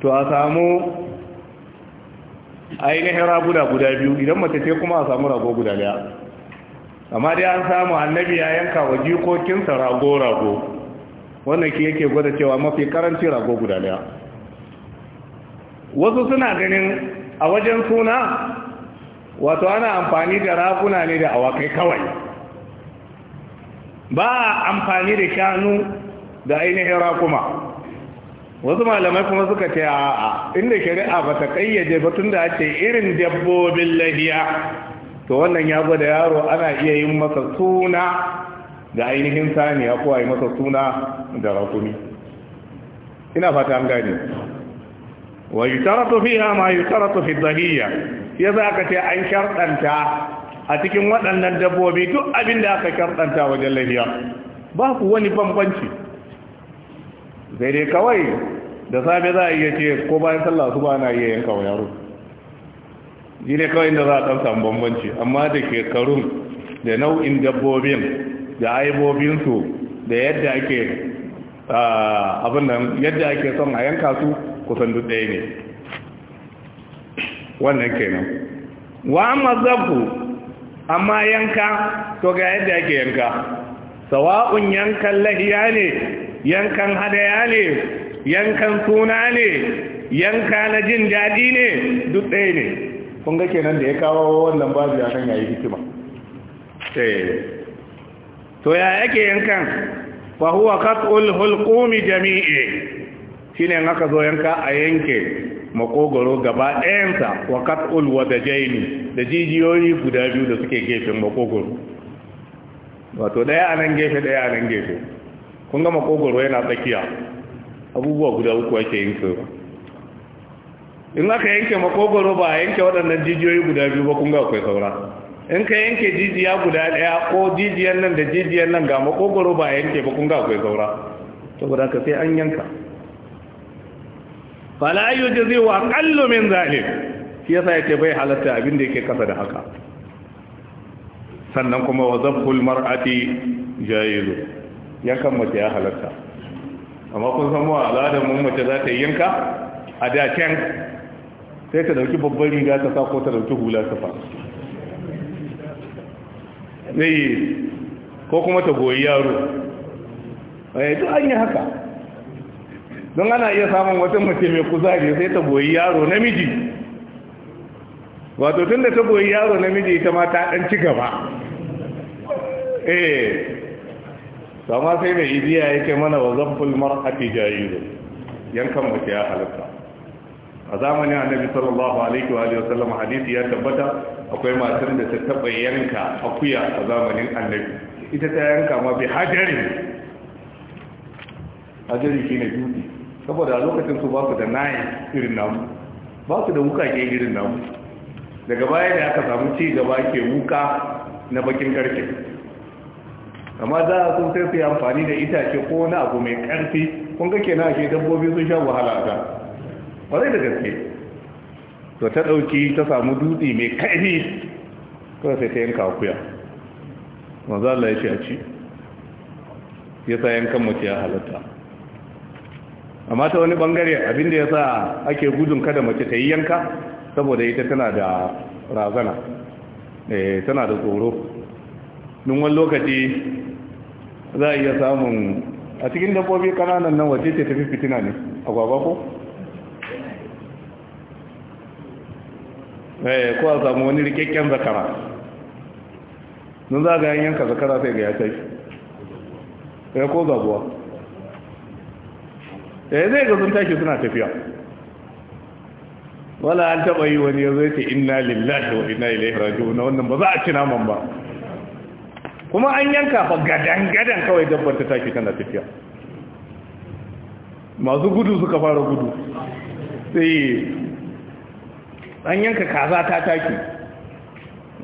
to a samu ainihin raguda guda biyu idan mace ce kuma a samu rago guda daya amma dai an samu annabi ya yanka wa jikokinsa rago-rago wannan ki yake gwada cewa mafi karanci rago guda daya wasu suna ganin a wajen suna wato ana amfani da raguna ne da awakai kawai ba amfani da shanu da ainihin rakuma wasu malamai kuma suka ce a inda shari'a ba ta kayyade ba tun da ake irin dabbobin lahiya to wannan ya gwada yaro ana iya yin masa suna da ainihin saniya ko a yi masa suna da rakumi ina fata an gani wa yi taratu fiya ma yi taratu fi zahiyya ya za ka ce an sharɗanta a cikin waɗannan dabbobi duk abin da aka sharɗanta wajen Ba ku wani bambanci zai dai kawai da safe za a iya ce ko bayan sallah su ba na iya yanka wa yaro shi kawai inda za a ɗansa bambanci amma da shekarun da nau'in dabbobin da aibobinsu da yadda ake abinnan yadda ake son a yanka su kusan duk ɗaya ne wannan kenan wa amma amma yanka to ga yadda ake yanka sawa'un yankan lahiya ne yankan hadaya ne yankan suna ne yanka na jin daɗi ne duk ɗaya ne kun ga kenan da ya kawo wannan babu ya kan yayi hikima eh. to ya yake yankan fa huwa qat'ul hulqumi jami'i shine in aka zo yanka a yanke makogoro gaba ɗayansa wa qat'ul wadajaini da jijiyoyi guda biyu da suke gefen makogoro wato ɗaya a nan gefe ɗaya a nan gefe kun ga makogoro yana tsakiya abubuwa guda uku ake yankewa in aka yanke makogoro ba a yanke waɗannan jijiyoyi guda biyu ba kun ga akwai saura in ka yanke jijiya guda daya ko jijiyar nan da jijiyar nan ga makogoro ba yanke ba kun ga akwai saura saboda ka sai an yanka fala yujzi wa aqallu min zalim shi yasa yake bai halatta abin da yake kasa da haka sannan kuma wa zabhul mar'ati jayiz yankan mace ya halatta amma kun san mu al'adar mun mace za ta yi yanka a da can sai ta dauki babban riga ta sa ko ta dauki hula ta fa ne ko kuma ta goyi yaro eh to an yi haka don ana iya samun wata mace mai kuzari sai ta goyi yaro namiji wato tun da ta goyi yaro namiji ita ma ta dan ci gaba eh sama sai mai idiya yake mana wa zafin mar'ati jayiru yankan mace ya halatta a zamanin annabi sallallahu alaihi wa alihi wasallam hadisi ya tabbata akwai matar da ta taba yanka akuya a zamanin annabi ita ta yanka ma bi hajari shi ne dutse saboda a lokacin su ba su da nayi irin namu ba su da ke irin namu daga baya da aka samu ci gaba ke wuka na bakin karfe amma za a sun sai su yi amfani da itace ko na abu mai karfi kun ga kenan ake dabbobi sun sha wahala ta kwarai da gaske to ta ɗauki ta samu dutse mai kaifi kawai sai ta yanka kuya manzo Allah ya ce a ci ya sa yankan mace ya halatta amma ta wani bangare abinda ya sa ake gudun kada mace ta yi yanka saboda ita tana da razana eh, tana da tsoro nun wani lokaci za a iya samun a cikin dabbobi kananan nan wace ce tafi fitina ne agwagwa ko Eh, ko a samu wani rikakken zakara don za ga yanka zakara sai ga ya kai ya eh, ko zabuwa ya eh, zai ga sun tashi suna tafiya wala an taɓa yi wani ya zai ce inna lillahi wa inna ilaihi na wannan ba za a ci naman ba kuma an yanka fa gadan-gadan kawai dabbar ta tashi tana tafiya masu gudu suka fara gudu sai an yanka kaza ta taki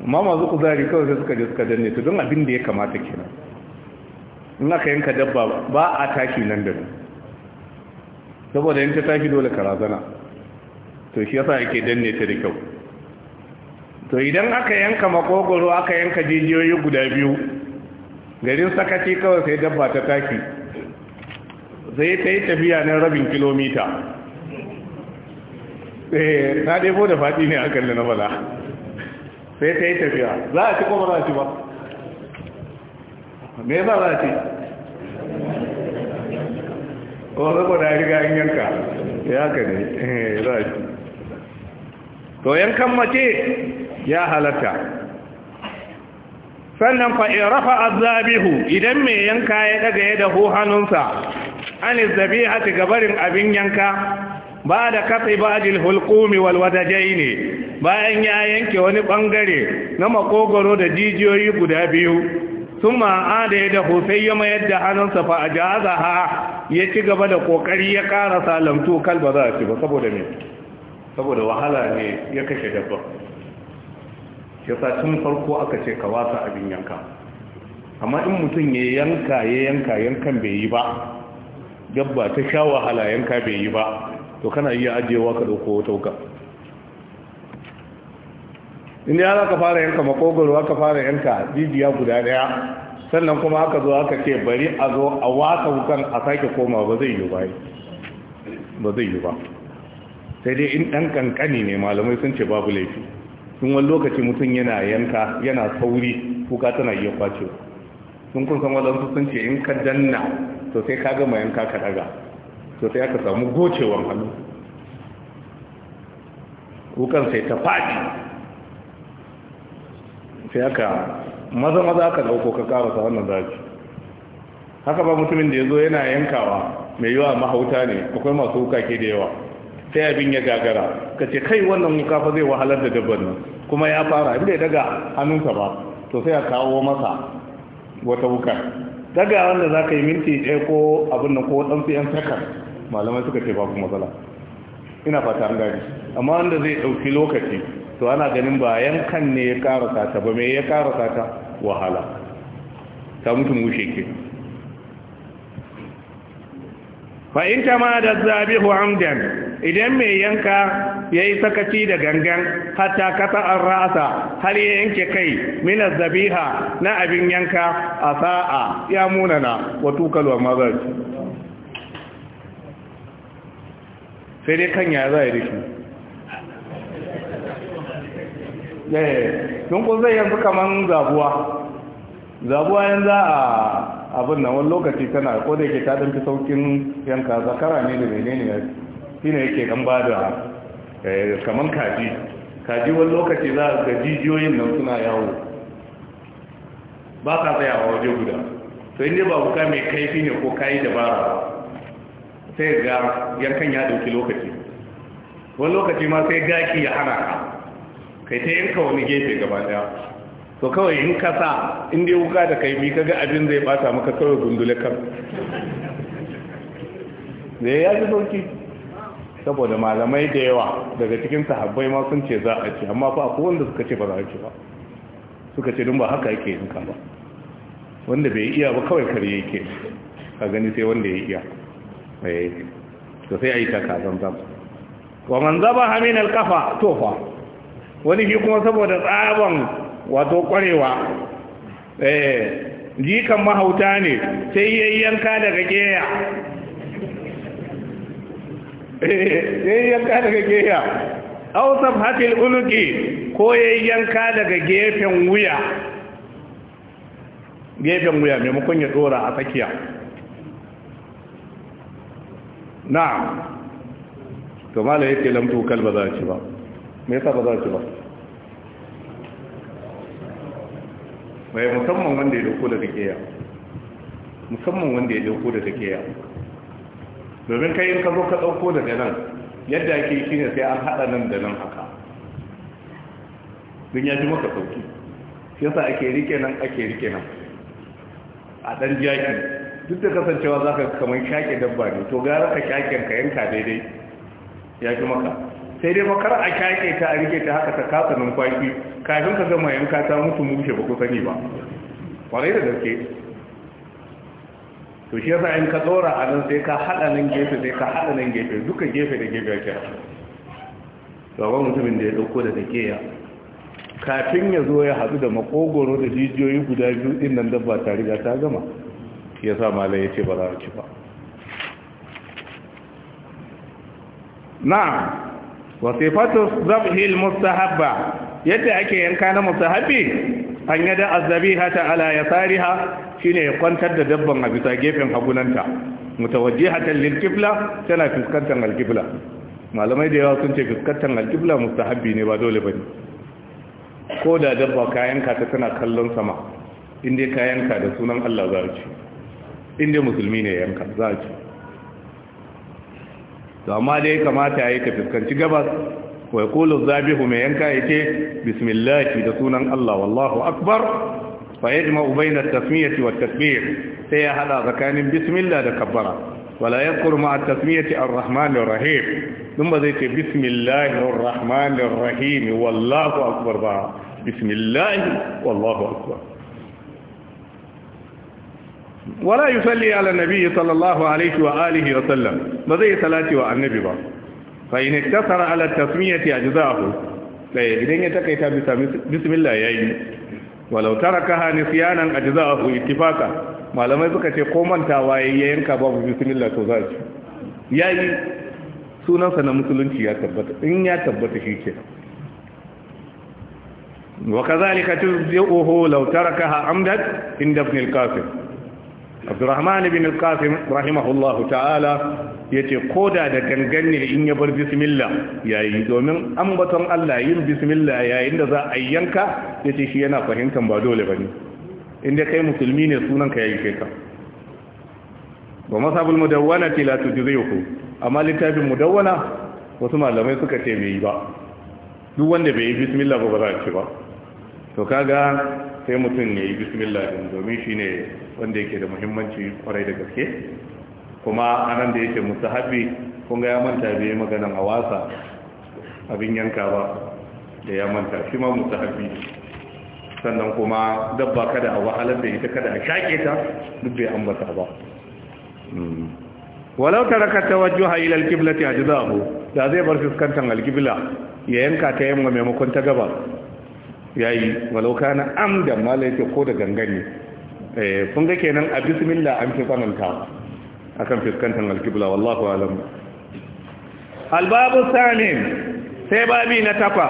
ma masu kuzari kawai sai suka je suka danne su don abin da ya kamata kenan in aka yanka dabba ba a tashi nan da nan saboda yanka ta tashi dole karazana to shi yasa yake danne ta da kyau to idan aka yanka makogoro aka yanka jijiyoyi guda biyu garin sakaci kawai sai dabba ta tashi sai ta yi tafiya na rabin kilomita Eh, na ɗebo da faɗi ne a kalli na bala sai ta yi tafiya za a ci kuma za a ci ba me za a ci ko zaba da ya riga an yanka ya ka ne eh, za a ci to yankan mace ya halatta sannan fa'in rafa azabihu idan mai yanka ya daga ya dahu hannunsa an izabi a gabarin abin yanka ba da ba bajil hulkumi walwadajai ne bayan ya yanke wani bangare na makogoro da jijiyoyi guda biyu sun ma'ada ya da husai ya mayar da hannunsa fa a jaza ha ya ci gaba da kokari ya ƙara salamtu kalba za a ci ba saboda me saboda wahala ne ya kashe dabba ya sa tun farko aka ce ka wasa abin yanka amma in mutum ya yanka ya yanka yankan bai yi ba dabba ta sha wahala yanka bai yi ba to kana iya ajiyewa ka dauko wata wuka inda ya za ka fara yanka makogoro aka fara yanka jijiya guda daya sannan kuma aka zo aka ce bari a zo a wata wukan a sake koma ba zai yi ba ba zai yi ba sai dai in ɗan kankani ne malamai sun ce babu laifi sun wani lokaci mutum yana yanka yana sauri kuka tana iya kwacewa sun kun san waɗansu sun ce in ka danna to sai ka gama yanka ka ɗaga to sai aka samu gocewar hannu wukan sai ta faɗi sai aka maza maza aka ɗauko ka karasa wannan zaki haka ba mutumin da ya zo yana yankawa mai yawa mahauta ne akwai masu wuka ke da yawa sai abin ya gagara ka ce kai wannan wuka fa zai wahalar da dabban kuma ya fara inda ya daga hannunsa ba to sai a kawo masa wata wuka daga wanda za ka yi minti ɗaya ko abin nan ko ɗansu 'yan sakar malamai suka ce babu matsala ina fata an gani amma wanda zai ɗauki lokaci to ana ganin bayan kan ne ya karasa ta ba mai ya karasa ta wahala ta mutum wushe ke fa'in ta ma da zabi hu'amdan idan mai yanka ya yi sakaci da gangan hatta kasa an rasa har ya yanke kai mina zabiha na abin yanka a sa'a ya munana wa tukalwa mazarci sai dai kan ya za a yi da eh, zai yanzu kamar zabuwa zabuwa yanzu a abin na wani lokaci tana ko da ta ɗanfi saukin yanka zakara ne da mene ne shi ne yake kan ba da eh, kaman kaji kaji wani lokaci za a ga jijiyoyin nan suna yawo ba ka tsayawa waje guda sai ne ba buka mai kaifi ne ko kayi dabara sai ga yankan ya dauki lokaci wani lokaci ma sai gaki ya hana ka kai ta yanka wani gefe gaba daya to kawai in ka sa in wuka da kai bi ga abin zai bata maka kawai gundule kan ne ya ji sauki saboda malamai da yawa daga cikin sahabbai ma sun ce za a ci amma fa ko wanda suka ce ba za a ci ba suka ce don ba haka yake yin ba wanda bai iya ba kawai kare yake ka gani sai wanda ya iya Eh, to sai a yi taka zanzan wa man zaba hamin alkafa tofa wani shi kuma saboda tsaban wato kwarewa eh, jikan mahauta ne sai yayyanka daga keya eh, yayyanka daga geya. ausaf hatil uluki ko yayyanka daga gefen wuya gefen wuya maimakon ya tsora a tsakiya na'am to mala yake lamtu kalba ba za ci ba me yasa ba za ci ba bai musamman wanda ya dauko da takeya musamman wanda ya dauko da takeya domin kai in ka zo ka dauko daga nan yadda ake shi ne sai an haɗa nan da nan haka don ya ji maka sauki shi yasa ake rike nan ake rike nan a ɗan jaki duk da kasancewa za ka kamar shaƙe dabba ne to gara ka shaƙen ka yanka daidai ya fi maka sai dai makar a shaƙe ta a rike ta haka ta kasa numfashi kafin ka gama yanka ta mutu mushe ba ku sani ba kwarai da gaske to shi yasa in ka tsora a nan sai ka haɗa nan gefe sai ka haɗa nan gefe duka gefe da gefe ake ba mutumin da ya ɗauko da ya. kafin ya zo ya haɗu da makogoro da jijiyoyi guda biyu ɗin nan dabba ta riga ta gama ya sa mala ya ce ba za a ci ba wasu wasifatu zafihil mustahabba yadda ake yanka na mustahabbi an yada azabi hata ala Shi ne ya kwantar da dabban a bisa gefen hagunanta mutawaje hatar lilkifla tana fuskantar AlKifla. malamai da yawa sun ce fuskantar AlKifla mustahabbi ne ba dole bane ko da dabba kayanka ta tana kallon sama inda kayan kayanka da sunan Allah za ci inda musulmi ne yanka za a ci to amma dai kamata yayi ka fuskanci gabas wa yaqulu zabihu mai yanka yake bismillah da sunan Allah wallahu akbar fa yajma'u bayna at-tasmiyati wa takbir sai ya hada tsakanin bismillah da kabbara wala ya kurma a tasmiyati ar-rahman rahim dun ba zai ce bismillahir rahmanir rahim wallahu akbar ba bismillah wallahu akbar wala salli ala nabi sallallahu alaihi wa alihi wa sallam ba zai salati wa annabi ba fa in iktasara ala tasmiyati ajzahu Daya idan ya takaita bisa bismillah yayi walau tarakaha nisyanan ajzahu ittifaqa malamai suka ce ko mantawa yayi yanka babu bismillah to za ci yi sunansa na musulunci ya tabbata in ya tabbata kazalika وكذلك law tarakaha amdat inda ibn al القاسم abdurrahman ibn al-qasim rahimahullahu ta'ala yace koda da gangan ne in ya bar bismillah yayi domin ambaton Allah yin bismillah yayin da za a yanka yace shi yana fahimtan ba dole bane inda kai musulmi ne sunan ka yayi kai ka wa masabul mudawwanati la tujzihu amma littafin mudawwana wasu malamai suka ce bai yi ba duk wanda bai yi bismillah ba ba za a ce ba to kaga sai mutum ya yi bismillah domin shi ne wanda yake da muhimmanci kwarai da gaske kuma anan da yake musu haɓi kun ga ya manta da ya maganan a wasa abin yanka ba da ya manta shi ma musu haɓi sannan kuma dabba kada a wahalar da ita kada a shaƙe ta duk bai ambata ba hmm. walau taraka tawajjuha ila a ajzahu da zai bar fuskantar alƙibla ya yanka ta yamma maimakon ta gaba Ya yi walauka na amdan mala yake ko da gangane eh kun ga kenan a bismillah an fi a kan fiskantar alkibla wallahu alamu. albabu sani sai babi na tafa.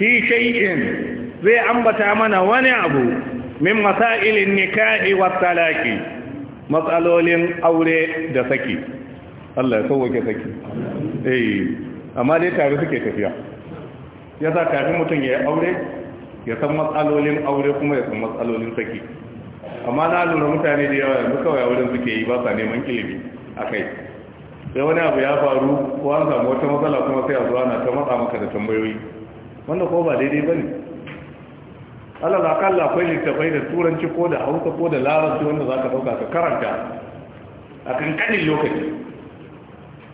fi shay'in zai ambata mana wani abu min masailin nikahi wa talaki matsalolin aure da saki Allah ya sauwake saki eh amma dai tare suke tafiya Ya yasa kafin mutum ya aure ya san matsalolin aure kuma ya san matsalolin saki amma na lura mutane da yawa yanzu kawai a wurin suke yi ba sa neman ilimi a kai sai wani abu ya faru ko an samu wata matsala kuma sai a zuwa na ta matsa maka da tambayoyi wanda ko ba daidai ba ne na kalla akwai littafai da turanci ko da hausa ko da larabci wanda za ka ɗauka ka karanta a kankanin lokaci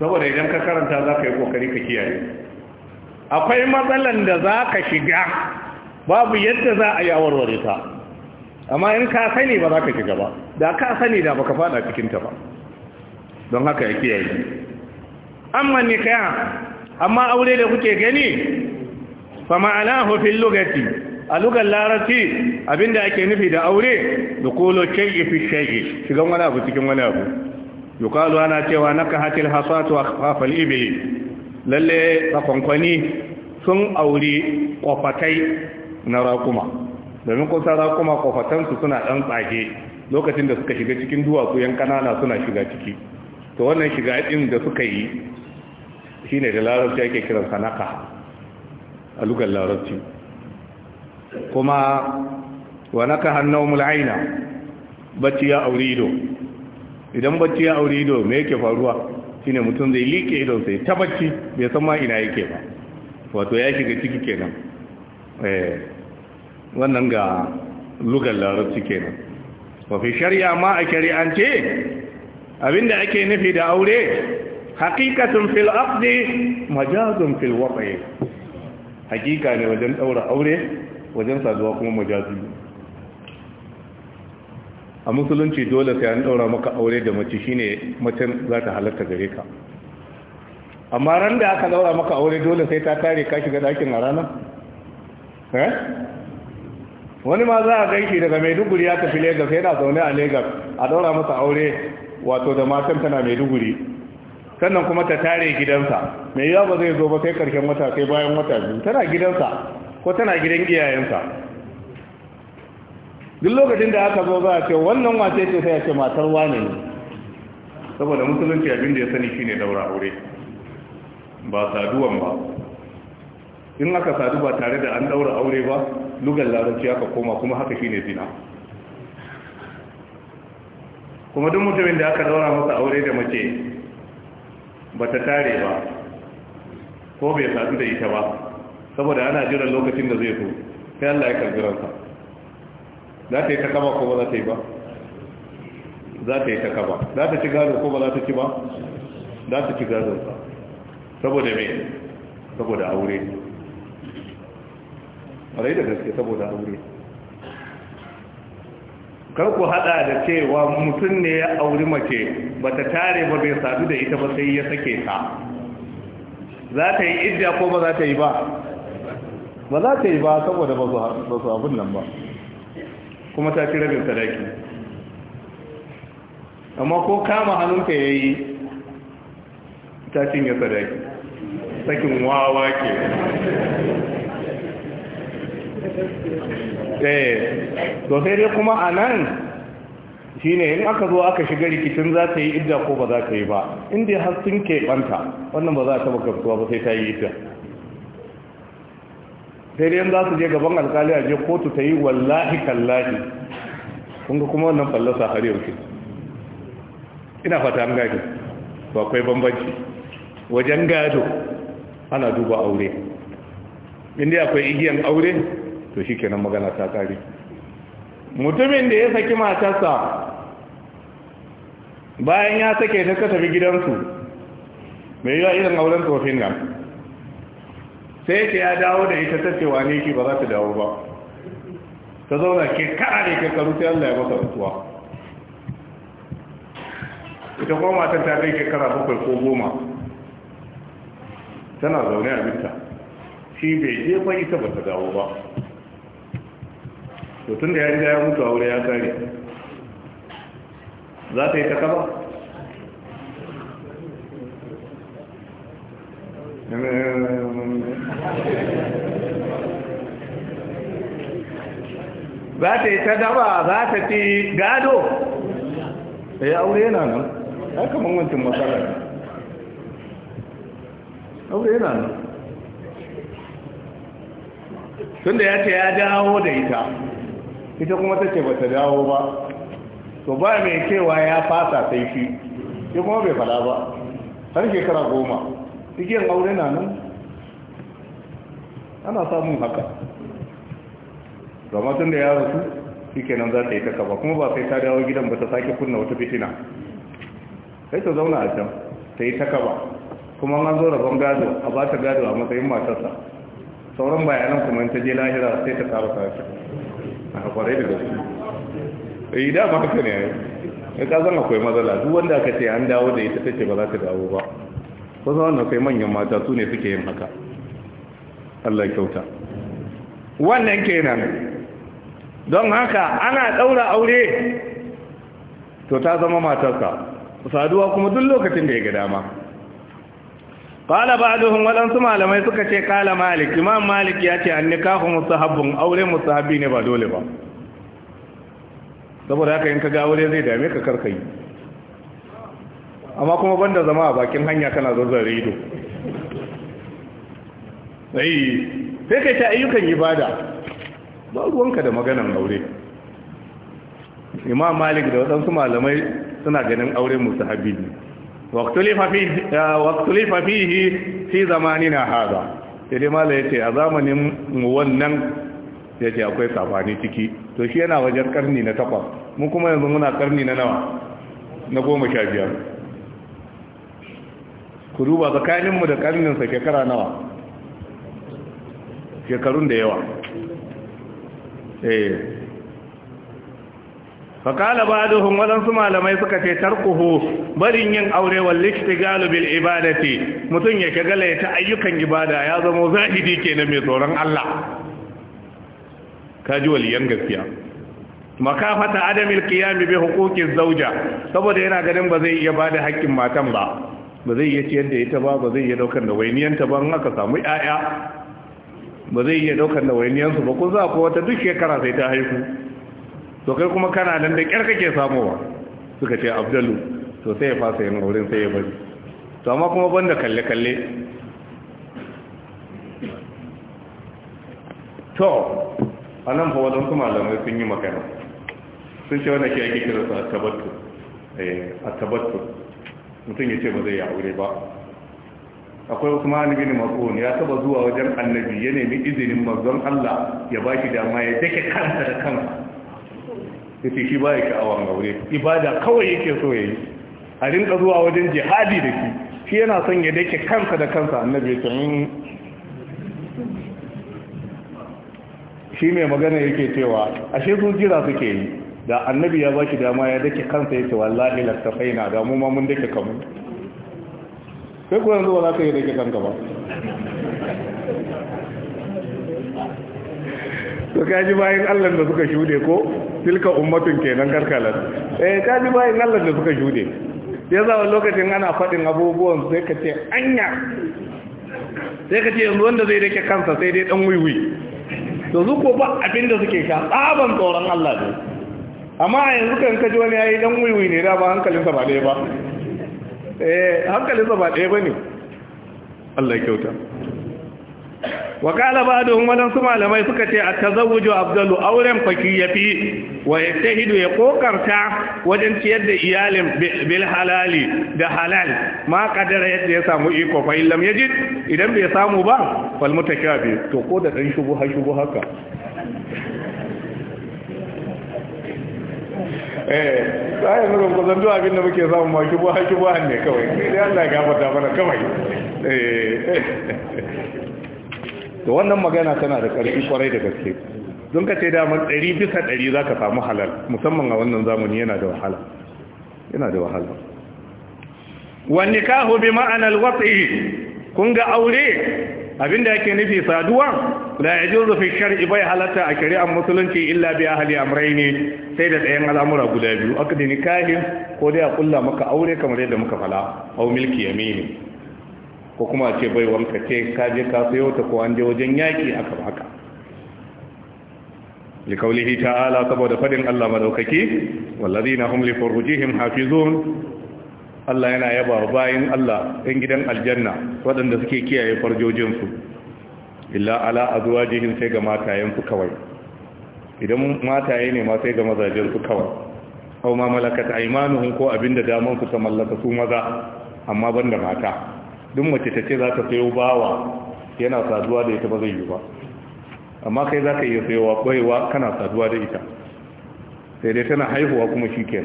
saboda idan ka karanta za ka yi kokari ka kiyaye akwai matsalan da za ka shiga babu yadda za a yi warware ta amma in ka sani ba za ka shiga ba da ka sani da baka fada cikinta ba don haka ya kiyaye amma nikah amma aure da kuke gani fa ma'anahu fil lugati a lugar larabci abinda ake nufi da aure da kolo shay'i fi shege shigan wani abu cikin wani abu yukalu ana cewa nakahatil hasatu akhfafal ibli lalle tsakonkwani sun aure kwafatai na raƙuma domin sa raƙuma kofatansu suna ɗan tsage lokacin da suka shiga cikin duwatsu yan ƙanana suna shiga ciki to wannan shiga ɗin da suka yi shi ne da larabci ake kiran sanaka a lugar larabci kuma wa naka hannun mul'aina bacci ya auri ido idan bacci ya auri ido me yake faruwa shine mutum zai liƙe idonsa ya ta bacci bai san ma ina yake ba wato ya shiga ciki kenan Eh, wannan ga lugar larabci kenan wafi shari'a ma a shari'ance abinda ake nufi da aure haƙiƙatun fil aqdi majazun fil waqi haƙiƙa ne wajen ɗaura aure wajen saduwa kuma majazi a musulunci dole sai an ɗaura maka aure da mace shine macen za ta halatta gare ka amma ran da aka ɗaura maka aure dole sai ta kare ka shiga ɗakin a ranar Eh? wani ma za a gaiki daga maiduguri ya tafi Legas yana zaune a Legas a daura masa aure wato da matan tana maiduguri sannan kuma ta tare gidansa mai yawa ba zai zo ba sai karshen wata sai bayan wata biyu tana gidansa ko tana gidan iyayensa duk lokacin da aka zo za a ce wannan wace ce sai a ce matar wane ne saboda musulunci abin da ya sani shine daura aure ba saduwan ba in aka sadu ba tare da an daura aure ba lugar larabci aka koma kuma haka shine zina kuma duk mutumin da aka daura masa aure da mace ba ta tare ba ko bai sadu da ita ba saboda ana jiran lokacin da zai so sai Allah ya karbi ransa za ta yi ta kaba ko ba za ta yi ba za ta yi ta kaba za ta ci gado ko ba za ta ci ba za ta ci gado saboda mai saboda aure rai da gaske saboda aure kar ku hada da cewa mutum ne ya auri mace bata tare ba bai sadu da ita ba sai ya sake ta za ta yi idda ko ba za ta yi ba ba za ta yi ba saboda ba su abin nan ba kuma ta ci rabin sadaki amma ko kama hannunka ya yi ta cinye sadaki sakin wawa ke Eh, to sai dai kuma a nan shi ne in aka zo aka shiga rikicin za ta yi idda ko ba za ta yi ba inda har sun keɓanta wannan ba za ta makamtuwa ba sai ta yi idda sai dai za su je gaban alkali a je kotu ta yi wallahi kallahi kun ga kuma wannan fallasa har yaushe ina fata an gado ba akwai bambanci wajen gado ana duba aure inda akwai igiyan aure to shi kenan magana ta kare mutumin da ya saki matarsa bayan ya sake ta ka tafi gidansu mai wa irin auren tsofin nan sai ce ya dawo da ita ta cewa ne ki ba za ta dawo ba ta zauna ke da ke karu sai Allah ya masa rutuwa ita kuma matan ta kai kara bakwai ko goma tana zaune a binta shi bai je ba ita ba ta dawo ba to tun da ya riga ya mutu aure ya kare za ta yi ta kaba za ta yi ta daba za ta fi gado da eh, ya aure yana nan ya kama wancan matsalar aure yana nan tun da ya ce ya dawo da ita ita kuma ta ce ba ta dawo ba to ba mai cewa ya fasa sai shi shi kuma bai fada ba har shekara goma cikin aure na nan ana samun haka zama tun da ya rasu shi kenan za ta yi ta kaba kuma ba sai ta dawo gidan ba ta sake kunna wata fitina sai ta zauna a can ta yi ta kaba kuma an zo rabon gado a ba ta gado a matsayin matarsa sauran bayanan kuma ta je lahira sai ta tsara ta a kware da gaske eh da ba haka ne ai ka san akwai matsala duk wanda aka ce an dawo da ita tace ba za ta dawo ba kusa wannan kai manyan mata su ne suke yin haka Allah kyauta wannan kenan don haka ana daura aure to ta zama matarsa saduwa kuma duk lokacin da ya ga dama qala ba'duhum waɗansu malamai suka ce kala malik imam malik ya ce musu mustahabbun aure mustahabbi ne ba dole ba saboda haka in ka ga aure zai dame ka karka yi amma kuma banda zama a bakin hanya kana zazzare ido sai sai kai ta ayyukan ibada ba ruwanka da maganan aure imam malik da waɗansu malamai suna ganin aure musu habibi واختلف فيه واختلف فيه في زماننا هذا sai mala yace a zamanin wannan yace akwai safani ciki to shi yana wajen karni na takwas mu kuma yanzu muna karni na nawa na goma sha biyar ku duba tsakaninmu da karninsa shekara nawa shekarun da yawa eh fakala baduhum waɗansu malamai suka ce tarkuhu barin yin aure wal ishtigalu bil ibadati mutum ya shagala ya ta ayyukan ibada ya zama zahidi kenan mai tsoron Allah kaji waliyan gaskiya makafata adamil qiyam bi huquqiz zawja saboda yana ganin ba zai iya bada haƙƙin matan ba ba zai iya ciyar da ita ba ba zai iya daukar da wainiyanta ba in aka samu 'ya'ya ba zai iya daukar da wainiyansu ba kun za ko wata duk shekara sai ta haihu to kai kuma kana nan da kyar kake samowa suka ce abdalu to sai ya fasa yin wurin sai ya bari to amma kuma banda kalle kalle to a nan fa kuma malamai sun yi magana sun ce wani ke ake kira su a tabattu eh, mutum ya ce ba zai yi aure ba akwai usman bin mas'ud ya taba zuwa wajen annabi ya nemi izinin manzon Allah ya baki dama ya take kansa da kansa yace shi ba yake sha'awan aure ibada kawai yake so yayi a rinka zuwa wajen jihadi da shi shi yana son ya dake kansa da kansa annabi ya ce mm. shi mai magana yake cewa ashe sun jira suke yi da annabi ya ba shi dama ya dake kansa ya ce wallahi lastafaina da mu ma mun dake kamu sai ku yanzu ba za ka yi dake kanka ba to kaji bayan Allah da suka shude ko tilka ummatun kenan karkalar eh ka ji bayin Allah da suka jude ya zama lokacin ana faɗin abubuwan sai ka ce anya sai ka ce yanzu wanda zai rike kansa sai dai dan wiwi to su ko ba abinda suke sha tsaban tsoron Allah ne amma yanzu kan kaji wani yayi dan wiwi ne da ba hankalinsa ba ɗaya ba eh hankalinsa ba ɗaya ba ne Allah ya kyauta wa da wannan su malamai suka ce at-tazawwuju afdalu auren faki yafi wa hidu ya kokarta wajen ciyar da iyalin bil halali da halal ma kadara yadda ya samu iko fa illam yajid idan bai samu ba fal mutakabi to ko da dan shubu ha shubu haka eh sai mun ko zan abin da muke samu ma shubu ha shubu ne kawai sai Allah ya gafarta mana kawai eh Da wannan magana tana da ƙarfi kwarai da gaske don ka ce damar ɗari bisa ɗari za ka samu halal musamman a wannan zamani yana da wahala yana da wahala wani kahu bi ma'anar watsi kun ga aure abinda yake nufi saduwa la ya juzu fi shar'i bai halatta a shari'ar musulunci illa bi amurai ne, sai da ɗayan al'amura guda biyu aka da nikahin ko dai a kulla maka aure kamar yadda muka fala au milki yamini ko kuma ce bai wanka ce ka je ka sayo ta ko an je wajen yaki aka baka li kaulihi ta'ala saboda fadin Allah madaukaki wallazina hum li furujihim hafizun Allah yana yaba bayin Allah ɗan gidan aljanna waɗanda suke kiyaye farjojinsu illa ala azwajihim sai ga su kawai idan mataye ne ma sai ga su kawai aw ma malakat aymanuhum ko abinda daman su ta mallaka su maza amma banda mata duk mace ta ce za ta sayo bawa yana saduwa da ita ba zai yi ba amma kai za ka iya sayowa baiwa kana saduwa da ita sai dai tana haihuwa kuma shi ke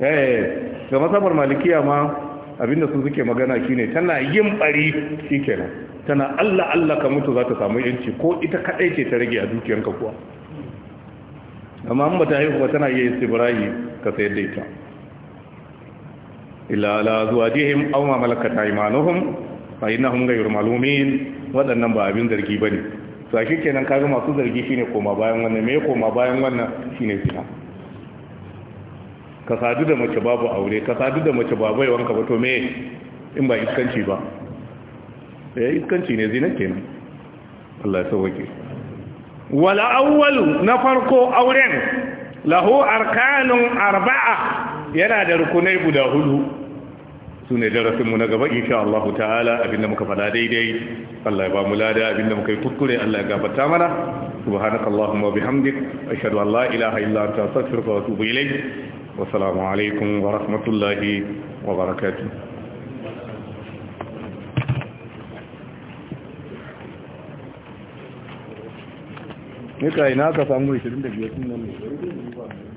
eh ga masabar malikiya ma abinda sun suke magana shine tana yin bari shi kenan tana Allah Allah ka mutu za ta samu yanci ko ita kadai ce ta rage a dukiyanka kuwa amma an ta haihuwa tana iya tsibirayi, ka sayar da ita illa ala zuwajihim aw ma malakat aymanuhum fa innahum ghayru malumin waɗannan ba abin zargi bane to shi kenan kaga masu zargi shine koma bayan wannan me koma bayan wannan shine zina ka sadu da mace babu aure ka sadu da mace babu yawanka ba to me in ba iskanci ba eh iskanci ne zina kenan Allah ya sauke wal awwal na farko auren lahu arkanun arba'a yana da rukunai guda hudu su ne darasinmu na gaba insha Allah ta'ala abinda muka faɗa daidai Allah ya ba mu lada abinda muka yi kuskure Allah ya gafarta mana subhanakallahumma wa bihamdik ashhadu an la ilaha illa anta astaghfiruka wa atubu ilayk wa assalamu alaikum wa rahmatullahi wa barakatuh Nika ina ka samu 25 sun nan ne.